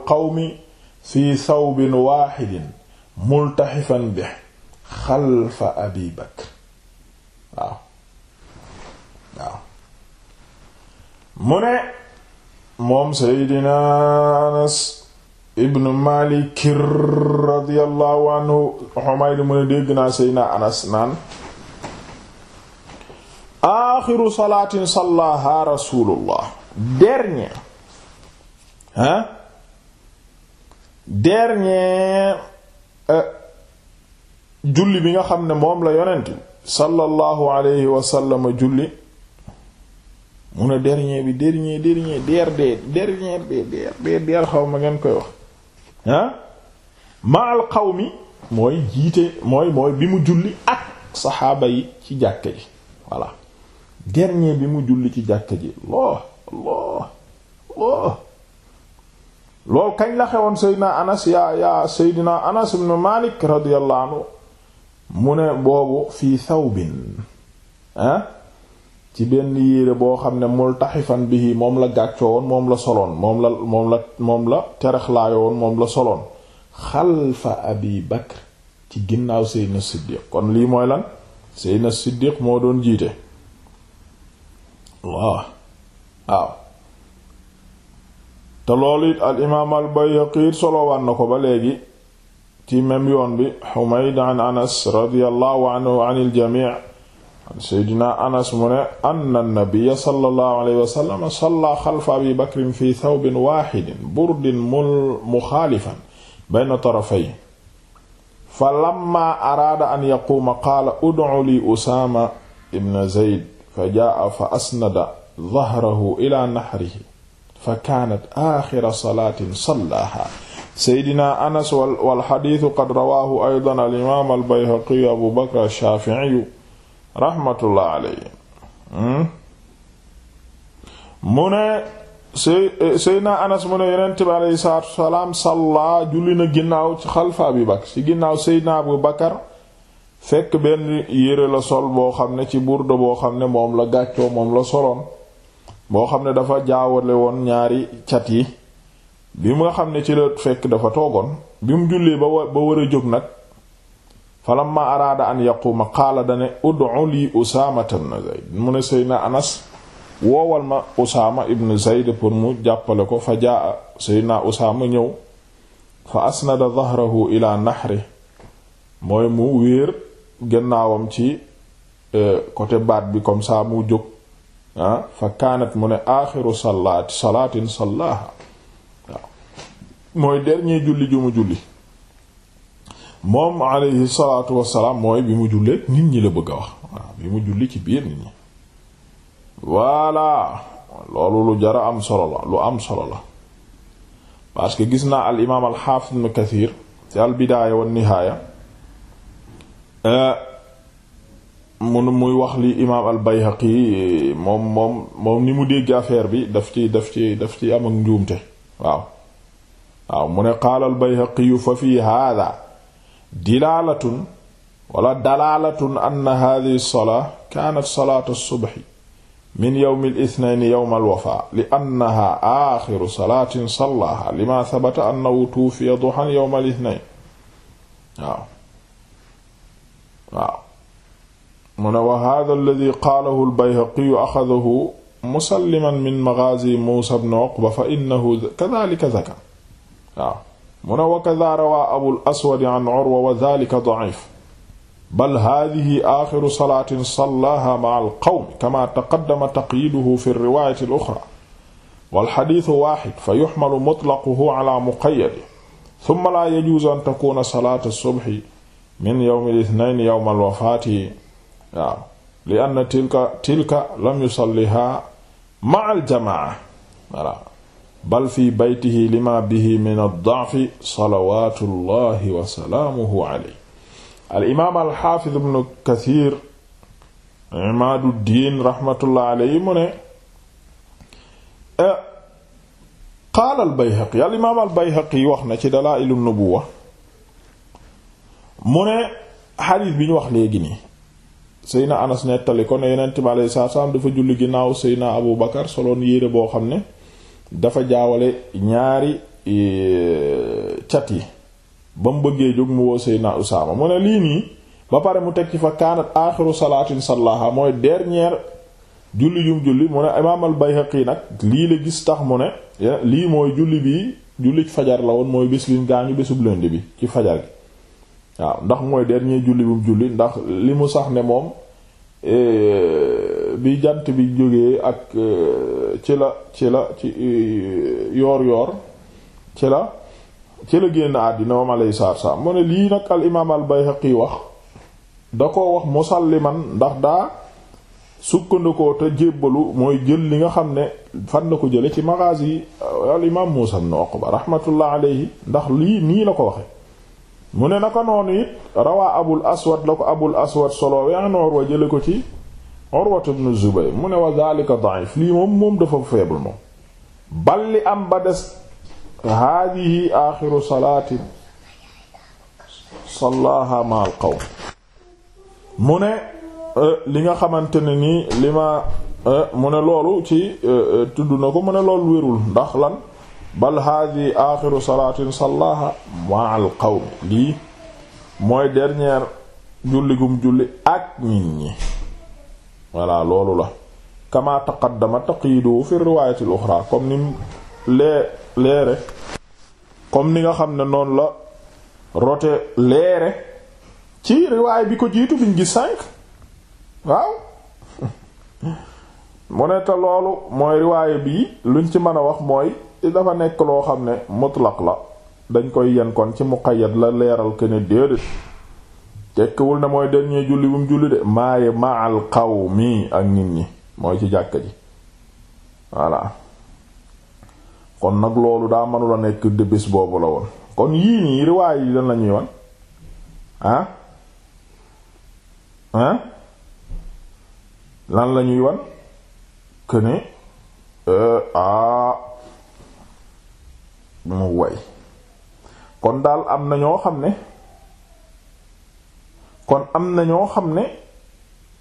fi sawbin waaxidin multaxifan bi xalfa abi bakr waaw waaw mu ne moom seydina anas ibnu malik radiallahu anhu xumayd mu ne dégg naa seydina anas naan aaxiru salaatin sallaha rasulullah dernier hein dernier euh, julli bi nga xam ne moom la yonent sallallahu alayhi wa sallam julli mu ne dernier bi dernier dernier dee dernier bi der dee der xaw ma ngeen koy wax ah ma al mooy jiite mooy mooy bi mu julli ak saxaaba yi ci jàkka ji voilà dernier bi mu julli ci jàkka ji Allah Allah loolu kañ la xewoon Seydina Anas yaa yaa Seydina Anas ibn Malik radiyallahu mu ne boobu fii thawbin ah ci benn yére boo xam ne multaxifan bihi moom la gàccoo woon moom la soloon moom la moom la moom woon moom la soloon xalfa Abi Bakr ci ginnaaw Seydina Siddiq kon lii mooy lan Seydina Siddiq moo doon jiite waaw waaw te loolu it al imaam al bayhaqi solowaan na ko ba léegi ci même yoon bi xumayd an anas radiyallahu anhu an il jamii seydina anas mu ne anna nabiyya sallallahu alayhi wa sallam salla xalfa abi bakrin fi thawbin waaxidin burdin mul muxaalifan bayna tarafayn fa lamma araada an yaquuma qaala ud'u li usaama ibn zayd fa jaa'a fa asnada dhahrahu ila nahrihi fa kaanat aaxira salaatin sallaaha seydina anas wal xadiisu qad rawaahu aydan al imaam al bayhaqi abu bakr al shaafi'i raxmatullah alayhi hmm? mu seydina anas mu ne yonent bi wassalaam sallaa julli na ginnaaw ci xalfa abi bakr ci ginnaaw seydina abu bakar fekk benn yére la sol boo xam ne ci burda boo xam ne moom la gàccoo moom la soloon boo xam ne dafa jaawale woon ñaari cat yi bi mu nga xam ne ci la fekk dafa toogoon bi mu jullee ba ba war jóg nag falamma araada an yaquuma qaala dane ud'u lii usaamata ibn zayd mu ne seydna anas woowal ma usaama ibn zayd pour mu jàppale ko fa jaa seydna usaama ñëw fa asnada dhahrahu ila nahri mooy mu wéer gannaawam ci eh, côté baat bi comme saa mu jóg fa kaanat mu ne aaxiru salaat salaatin sallaaha waaw mooy dernier julli ju mu julli moom alayhi salaatu wassalaam mooy bi mu jullee nit ñi la bëgg wax waaw bi mu julli ci biir nit ñi voilà loolu lu jara am solo la lu am solo la parce que gis naa al imaam al xaafis ibn kathir ci al bidaaya wan nihaaya euh, mun muy wax li imaam al-Bayhaqi moom moom moom ni mu dégg affaire bi daf ci daf ci daf ci am ak njuumte waaw waaw mu ne qaala al-Bayhaqi fa fi hada dilaalatun wala dalaalatun anna hadhihi as-salaa kaanat salaatu as-subhi min yawmi al-ithnayni yawma al-wafaa li annaha axiru salaatin sallaaha lima thabata annahu tuwuffiya duhan yawma al-ithnayni waaw waaw mu ne wa hada alladi qaalahu albayhaqiyu axadahu musalliman min maghazi muusa bnu uqba fa innahu kadhalika zaka waaw mu ne wa kadha rawaa abul aswadi an urwa wa dhalika da'if bal hadihi axiru salaatin sallaha ma'a alqawmi kama taqaddama taqyiiduhu fi riwaayati al-uxra walxadiisu waaxid fa yuxmalu mutlaquhu ala muqayyadihi summa laa yajuuzu an takuuna salaatu subhi min yawmi al-ithnayni yawma al-wafaati waaw li anna tilka tilka lam yusalliha ma al jamaa voilà bal fi baytihi lima bihi min ad-da'fi salawatullahi wa salaamuhu alayhi al imaam al xaafiz ibnu kathir imaaduddiin raxmatullah alayhi mu ne eh, qaala al bayhaqi al imaam al bayhaqi wax na ci dalaa'ilun nubuwwa mu ne xadiis bi ñu wax léegi nii Seyna Anas nettali ko ne Yonent bi alayhi salaatu salaam dafa julli ginnaaw Seyna Abu Bakar soloon yére boo xam ne dafa jaawale ñaari e, cat yi ba mu bëggee jóg mu woo Seyna Usaama mu ne lii nii ba pare mu teg ci fa kaanat aaxiru salaatin sallaaha mooy dernière julli yum julli mu ne imaam al-Bayhaqi nag lii la gis tax mu ne lii mooy julli bi julli fajar la woon mooy bés liñ gaañu bésub lënd bi ci fajar gi waaw ndax mooy dernier julli bu mu julli ndax li mu sax ne moom e, bi jant bi jógee ak e, ci la ci la ci e, yoor yoor ci la ci la génn àddina moom alayhi salaatu salaam mu ne lii nag al imaam al Bayhaqi wax da ko wax man ndax daa sukkandikoo te jébbalu mooy jël li nga xam ne fan na ko jële ci magaasi al imaam Muusaa ibn Uqba rahmatullah alayhi ndax lii nii la ko waxe mu ne naka noonu it rawaa abul aswad la ko abul aswad solowee an Urwa jële ko ci Urwatu ibn Zubayr mu ne wa dhalika da'if lii moom moom dafa faible moom balli am ba des haadihi aaxiru salaatin sallaaha ma'al qawm mu ne euh, li nga xamante ne nii li ma euh, mu ne loolu ci euh, tudd na ko mu ne loolu wérul ndax lan bal hadi axiru salaatin sallaha ma al qawm lii mooy dernière julli gum julli ak nit ñi voilà loolu la kama taqaddama taqiidu fi riwaayatil uxra comme ni lee leere comme ni nga xam ne noonu la rote leere ci riwaay bi ko jiitu biñ gi cinq waaw mu ne loolu mooy riwaay bii luñ ci mën a wax mooy dafa nekk loo xam ne mutlaq la dañ koy yen kon ci muqayyad la leeral ke ne déedéet tekkiwul ne mooy dernier julli bu mu julli de maaye maal qawmi ak nit ñi mooy ci jàkka ji voilà kon nag loolu daa mënula nekk de boobu la woon kon yii nii riwaay yi lan lañuy ñuy wan ah ah lan la wan que euh, ah. mu way kon daal am na ñoo xam ne kon am na ñoo xam ne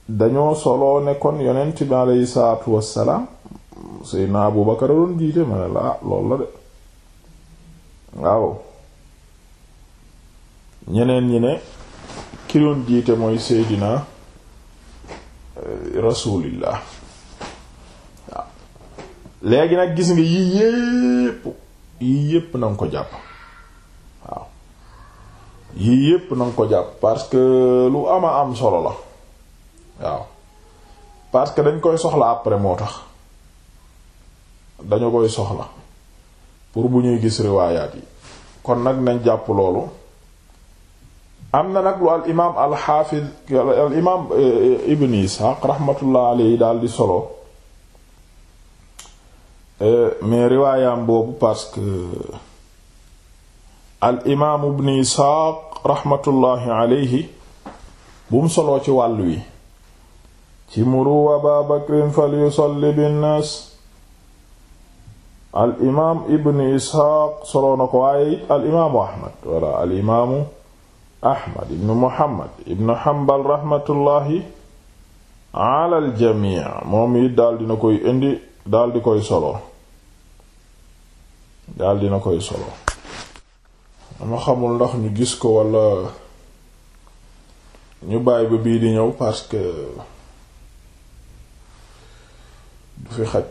dañoo soloo ne kon yonent bi aleyhi salaatu wassalaam Seydina Abu Bakar a doon jiite ma ne la ah, la de waaw ñeneen ñi ne ki doon jiite mooy Seydina eh, Rasulillah waaw léegi nag gis nga yii yépp yii yépp na ko jàpp waaw yii yépp na ko jàpp parce que lu ama am solo la waaw parce que dañ koy soxla après moo tax dañu koy soxla pour bu ñuy gis riwaayaat yi kon nag nañ jàpp loolu am na nag lu al imaam al xaafiz imaam eh, eh, ibn Isxaaq raxmatullah alayhi daal di solo Euh, mais riwaayam boobu parce que al imaam ibn Isaaq raxmatullaahi alayhi bu ci wàll wi ci muru Abaa Bakrin fal yusalli binnaas al imaam ibn Isaaq soloo na ko waaye it Ahmad walla Muhammad ibn Hanbal raxmatullaahi alal jamii moom it koy indi daal di koy solo daal dina koy solo dama xamul ndax ñu gis ko walla ñu bàyyi ba bii di ñëw parce que du fi xaj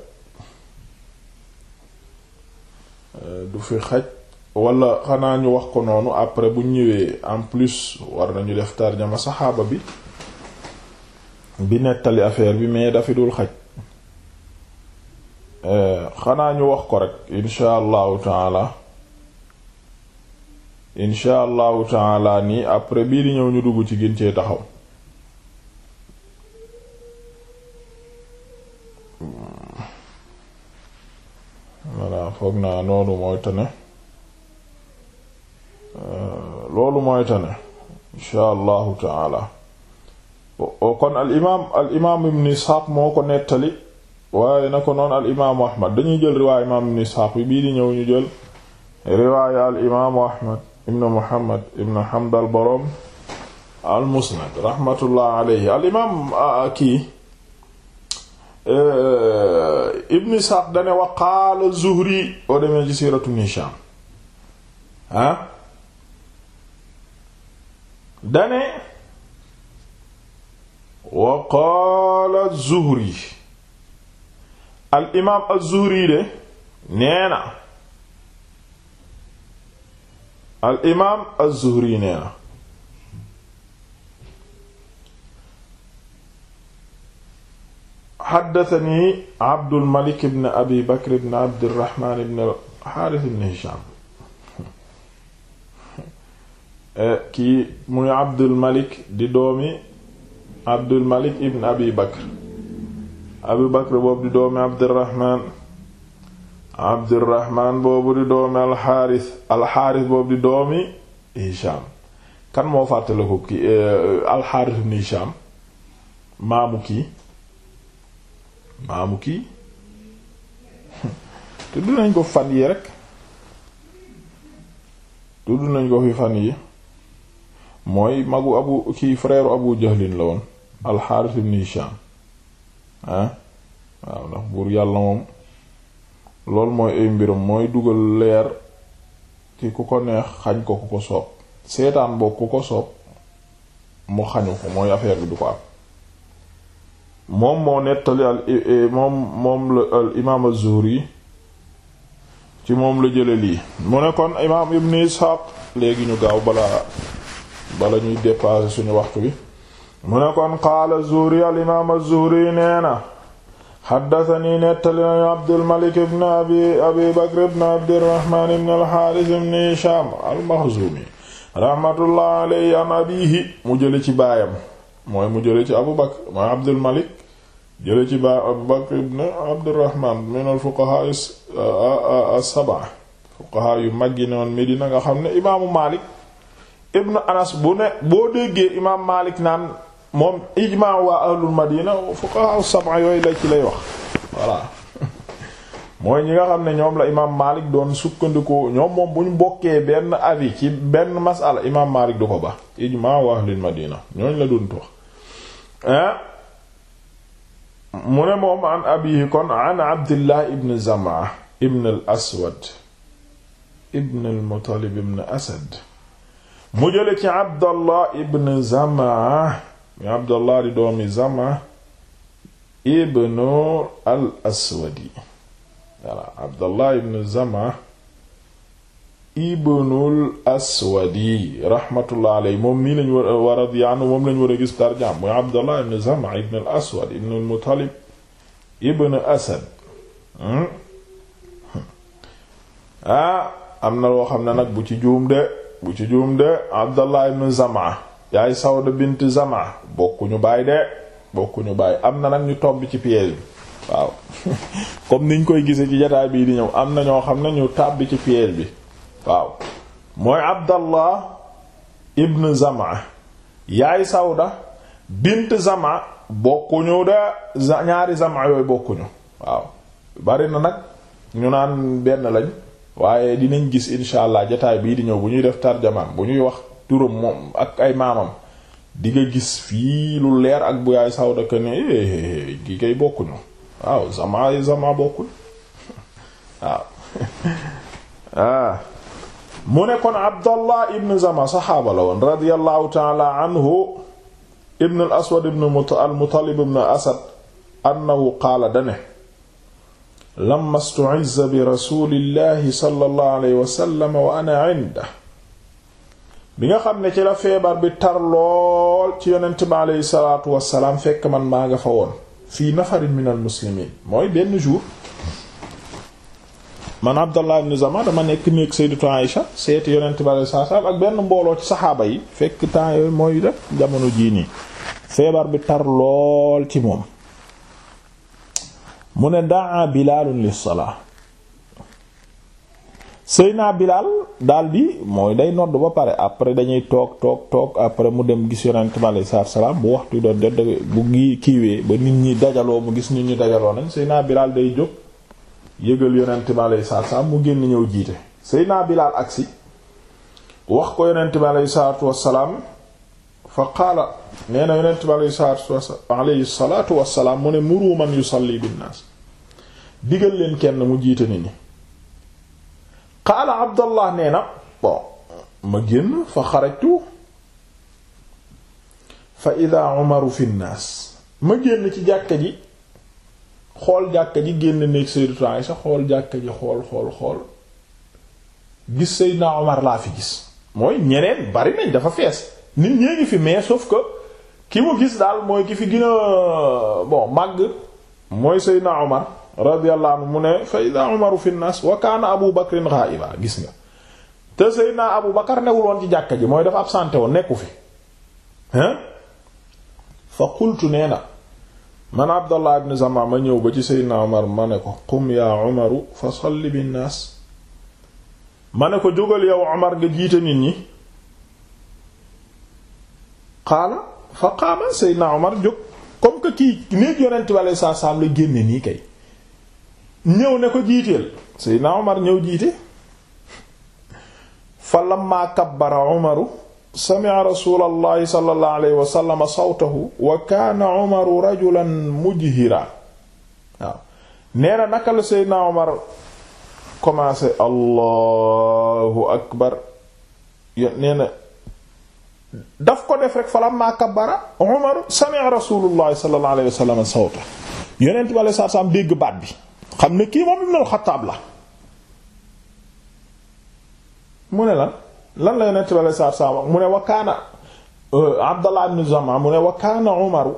euh, du fi xaj walla xanaa ñu wax ko noonu après bu ñëwee en plus war nañu def tarjama saxaaba bi bi nettali affaire bi mais dafi dul xaj xanaa ñu wax ko rek insha allahu taala insha allahu taala nii après bii di ñëw ñu dugg ci gin cee taxaw voilà foog naa euh, loolu mooy tane loolu mooy tane insha allahu taala kon al imaam al imaam ibn Isxaaq moo ko nettali waaye na ko noon al dañuy jël imaam ibn isxaaq bii di ñëw ñu jël riwaaya al imaamu ahmad ibn muhammad ibn hanbal boroom al musnad rahmatullah al imaam kii e, ibn isxaaq dane wa qaala zuhri oo demee ci siiratu nishaam ah dane wa qaala zuhri al al imaam az-Zuhri nee na Abi Bakr ibn Abdirahman ibn haaris ibn Hisham e, kii muy Abdul di doomi Abdul Malik Abi Bakr abu bakr boobu di doomi abdirahmaan abdirahmaan boobu di doomi alxaaris alxaaris boobu di doomi hisham kan moo fàttale ko ki eh, alxaaris ibn hisham maamu kii maamu kii tudd nañ ko fan yi rek tudd nañ ko fi fan yi mooy magu abu kii frère abu jahlin la woon alxaaris ibn hisham ah waaw ndax buur yàlla moom loolu mooy ay mbiram mooy dugal leer ci ku ko neex xañ ko ku ko soob seetaan boo ku ko soob mu xañu ko mooy affaire bi du ko am moom moo nettali al eh, eh, moom moom la al imaam az-Zuhri ci moom la jële lii mu ne kon imaam Ibn Ishaq léegi ñu gaaw balaa bala ñuy dépasser suñu waxtu bi mu ne kon qaala zuhri al imaam az-zuhri nee na nettali nañu abdulmalik ibn abi abi bakr ibn abdirahman ibn alxaaris ibn hisham almaxzumi rahmatullah alayhi an abihi mu jële ci baayam mooy mu jële ci abu bakr mooy abdulmalik jële ci baayam abu bakr ibn abdirahman min alfuqahaa as-sab'a fuqahaa yu maggi noon Medina nga xam ne imaamu malik ibn anas bu ne boo déggee imaam malik naan moom ijmaa waa ahlul madina fuqaha sab'a yooyu la ci lay wax voilà mooy ñi nga xam ne ñoom la imaam Malik doon sukkandiku ñoom moom bu ñu bokkee benn avis ci benn masala imaam Malik du ko ba ijmaa waa ahlul madina ñooñ la doon wax mu ne moom an abihi kon an abdillah ibn zamaa ibn aswad ibn al ibn asad mu jële ci abdallah ibn zamaa muy abdallah di doomi zama ibnu al aswadi voilà abdallah ibnu zama ibnul aswadi rahmatullah aley moom nii lañu war a yaanu moom lañu war a gis tarjam muy abdallah ibnu zama ibnu al aswad ibnu al muttalib ibnu asad hmm? Hmm. ah am na loo xam ne nag bu ci juum de bu ci juum de abdallah ibnu zama yaay Sawda bint Zama bokkuñu baay de bokkuñu baay am na nag ñu tomb ci piège bi waaw comme niñ koy gisee ci jataay bii di ñëw am na ñoo xam ne ñu tàbb ci piège bi waaw mooy Abdallah ibn Zama yaay Sawda bint Zama bokkuñu de ñaari Zama yooyu bokkuñu waaw bari na nag ñu naan benn lañ waaye dinañ gis insha allah jataay bii di ñëw bu ñuy def tarjamaa bu ñuy wax turam moom ak ay maamam di nga gis fii lu leer ak bu yaay sawda ko ne eh, eh, eh, gi kay bokkuñu waaw zama zama bokkuñ waaw ah mu ne kon abdallah ibn zama saxaaba la woon radiallahu taala anhu ibn al aswad ibn al muttalib ibn asad annahu qaala dane lamma stu'izza bi rasulillahi sallallahu alayhi wa sallam wa ana 'indahu bi nga xam ne ci la feebar bi tar lool ci yonent bi aleyhi salaatu wassalaam fekk man maa nga fa woon fii nafarin minal muslimin mooy benn jour man Abdallah ibn Zama dama nekk néeg Sayyidatu Aïsha seeti yonent bi aleyhi salaatu wassalaam ak benn mbooloo ci saxaaba yi fekk temps mooy def jamono jii nii feebar bi tar lool ci moom mu ne daa bilaalun lis-salaa Seyna Bilal daldi mooy day nodd ba pare après dañuy toog toog toog après mu dem gis yonent bi alayhi salaam bu waxtu doon de bu kiiwee ba nit ñi dajaloo mu gis nit ñi dajaloo nañ Seyna Bilal day jóg yëgal yonent bi alayhi salaatu salaam mu génn ñëw jiite Seyna Bilal agsi wax ko yonent bi alayhi salaatu wassalaam fa qaala nee na yonent bi alayhi salaatu wassalaam alayhi mu ne muru man yusalli binnaas digal leen kenn mu jiite nit ñi qaala abdallah nee na bon ma génn fa xarajtu fa ida umaru fi nnaas ma génn ci jàkka ji xool jàkka ji génn néeg sayyidatu Aisha xool jàkka ji xool xool xool gis sayyidna Umar laa fi gis mooy ñeneen bari nañ dafa fees nit ñee fi mais sauf que ki mu gis daal mooy ki fi gën a bon màgg mooy sayyidna radiyallahu anhu mu ne fa ida fi nnaas wa kaana abu bakrin ghaiba gis nga te seydina abu bakar newul woon ci jàkka ji mooy dafa absenté woon nekku fi hein fa qultu nee na man abdallah ibn zama ma ñëw ba ci seydina umar ma ne ko qum ya umaru fa salli bin naas ma ne ko jógal yow umar nga jiite nit ñi qaala fa qaama seydina umar jóg comme que kii néeg yonent bi aleyhi salaatu salaam génne nii kay ñëw ne ko jiiteel Seydina Omar ñëw jiite fa lamma kabbara Omaru sami'a rasulallahi sallallahu alayhi wa wa kaana rajulan mujhira waaw nee na naka la Seydina Omar commencé daf ko def rek fa lamma kabbara Omaru sami'a rasulullahi sallallahu alayhi salaam dégg baat bi xam ne kii moom Ibnul Xattaab la mu ne lan lan la yonent bi alayhi salaatu salaam wax mu ne wa kaana euh, Abdallah ibn Zama mu ne wa Umaru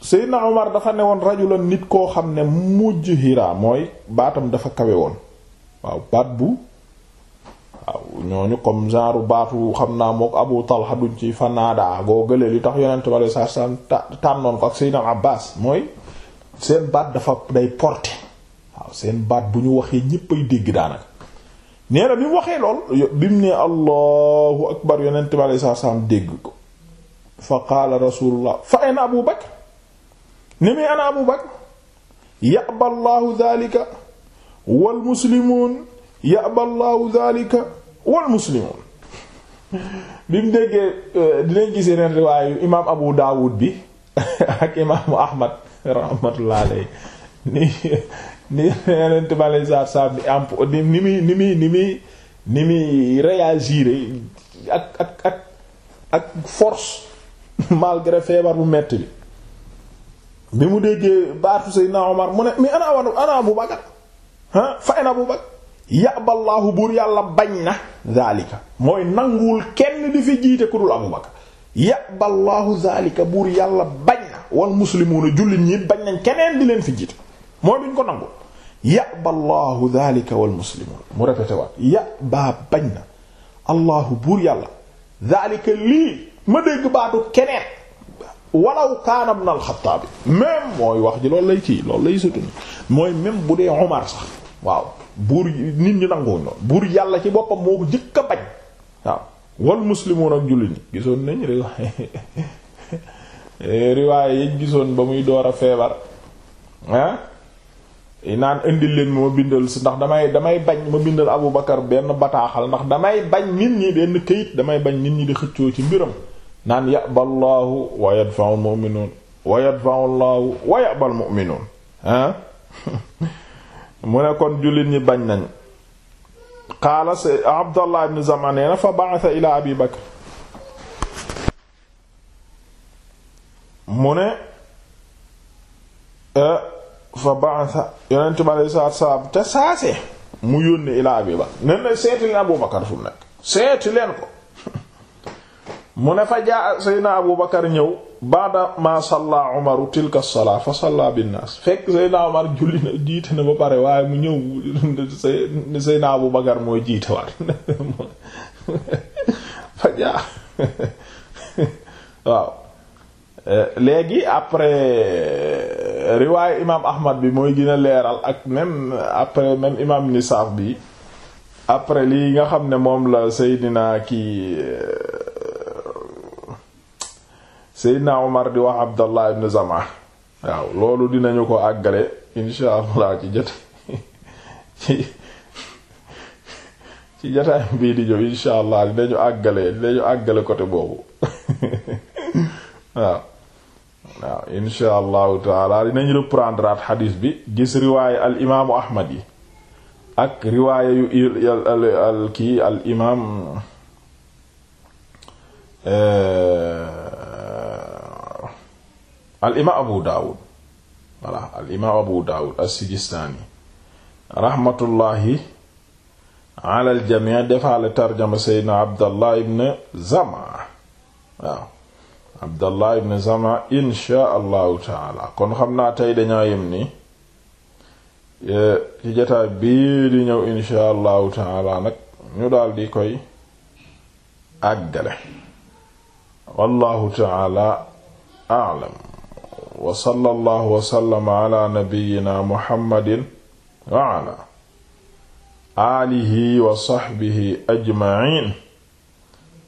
Seydina Umar dafa ne woon rajulan nit koo xam ne mujhira mooy baatam dafa kawe woon waaw baat bu waaw ñooñu comme genre baatu xam naa mook Abu Talha duñ ci fanaadaa goo gëlee li tax yonent bi alayhi salaatu salaam tànnoon ko ak Seydina Abbaas mooy seen baat dafa day porté seen baat bu ñu waxee ñépp ay dégg daanaka nee na bi mu waxee lool bi mu ne allahu akbar yonent bi aleyhi dégg ko fa qaala rasulullah fa ayna abu bakr ni muy ana abu bi mu déggee euh, dinañ gis yeneen riwaayu imaam abu daawud bi ak imaamu ahmad rahmatullah alayhi ni yeneen tubaab saab bi am ni muy ni muy ni muy ni muy réagir ak ak ak force malgré feebar bu metti bi bi mu déggee baatu Seydina Omar mu ne mi ana wan ana Abu Bakar ah fay na Abu Bakar yàbballaahu buur yàlla bañ na zaalika mooy nanguwul kenn di fi jiite ku dul Abu Bakar yàbballaahu zaalika buur yàlla bañ na wal muslimuuna jullit ñii bañ nañ keneen di leen fi jiite mooy duñ ko nangu yaba allahu dalika walmuslimuun mu répété waat ya ba bañ na allahu buur yàlla dalika lii ma dégg baatu keneen walaw kaana ibn alxataabi même mooy wax ji loolu lay ci lool lay sutuni mooy même bu dee Umar sax waaw buur nit ñi nanguwuñ lool buur yàlla ci boppam moo ko jëkk a bañ waaw wal muslimuun ak jullit ñi gisoon nañ riwaaye eh, riwaaye yañ gisoon ba muy door a feebar Eh, naan indil leen ma bindal si ndax damay damay bañ ma bindal Abu Bakar benn bataaxal ndax damay bañ nit ñi benn këyit damay bañ nit ñi di xëccoo ci mbiram naan yaballahu wa yadfa'u al-mu'minun wa yadfa'u Allahu wa yabal mu'minun ah mu ne kon jullit ñi bañ nañ qaala Abdallah ibn Zam'a nee na fa ba'atha ila Abi Bakr mu ne eh, fa ba'atha yonent bi alayhi salaatu salaam te saase mu yónni ilaa Abi Bakr nen na seeti leen Abu Bakar fu nekk seeti ko mu ne fa jaa Seydina Abu Bakar ñëw ba'da ma salla Umaru tilka salaa fa salla binnaas fekk Seydina Umar pare waaye mu ñëw Seydina Abu Bakar mooy jiite waat fa waaw Euh, léegi après euh, riwaayu imaam Ahmad bi mooy gën a leeral ak même euh, après même imaam Nisaaf bi après lii nga xam ne moom la Seydina kii Seydina Omar di wax Abdallah ibn Zama waaw loolu dinañu ko àggale insha allah ci jot ci ci jotaayam bii di jóg insha allah dinañu àggale dinañu àggale côté boobu waaw waaw insha taala dinañ reprendre at xadiis bi gis riwaaya al imaamu ahmad ak riwaaya yu al kii al imaam eh, al imaam abu daawud voilà al imaam abu daawud as-sijistaani raxmatullaahi ala al jamii defaale tarjama seydna abdallah ibn zama waaw abdallah ibn zama insha allahu taala kon xam naa tey dañaa yem ni e, ci jataay bii di ñëw insha allahu taala nag ñu daldi koy àggale wallahu taala a'lam wa sallallahu wa sallama wa ala wa sahbihi ajma'in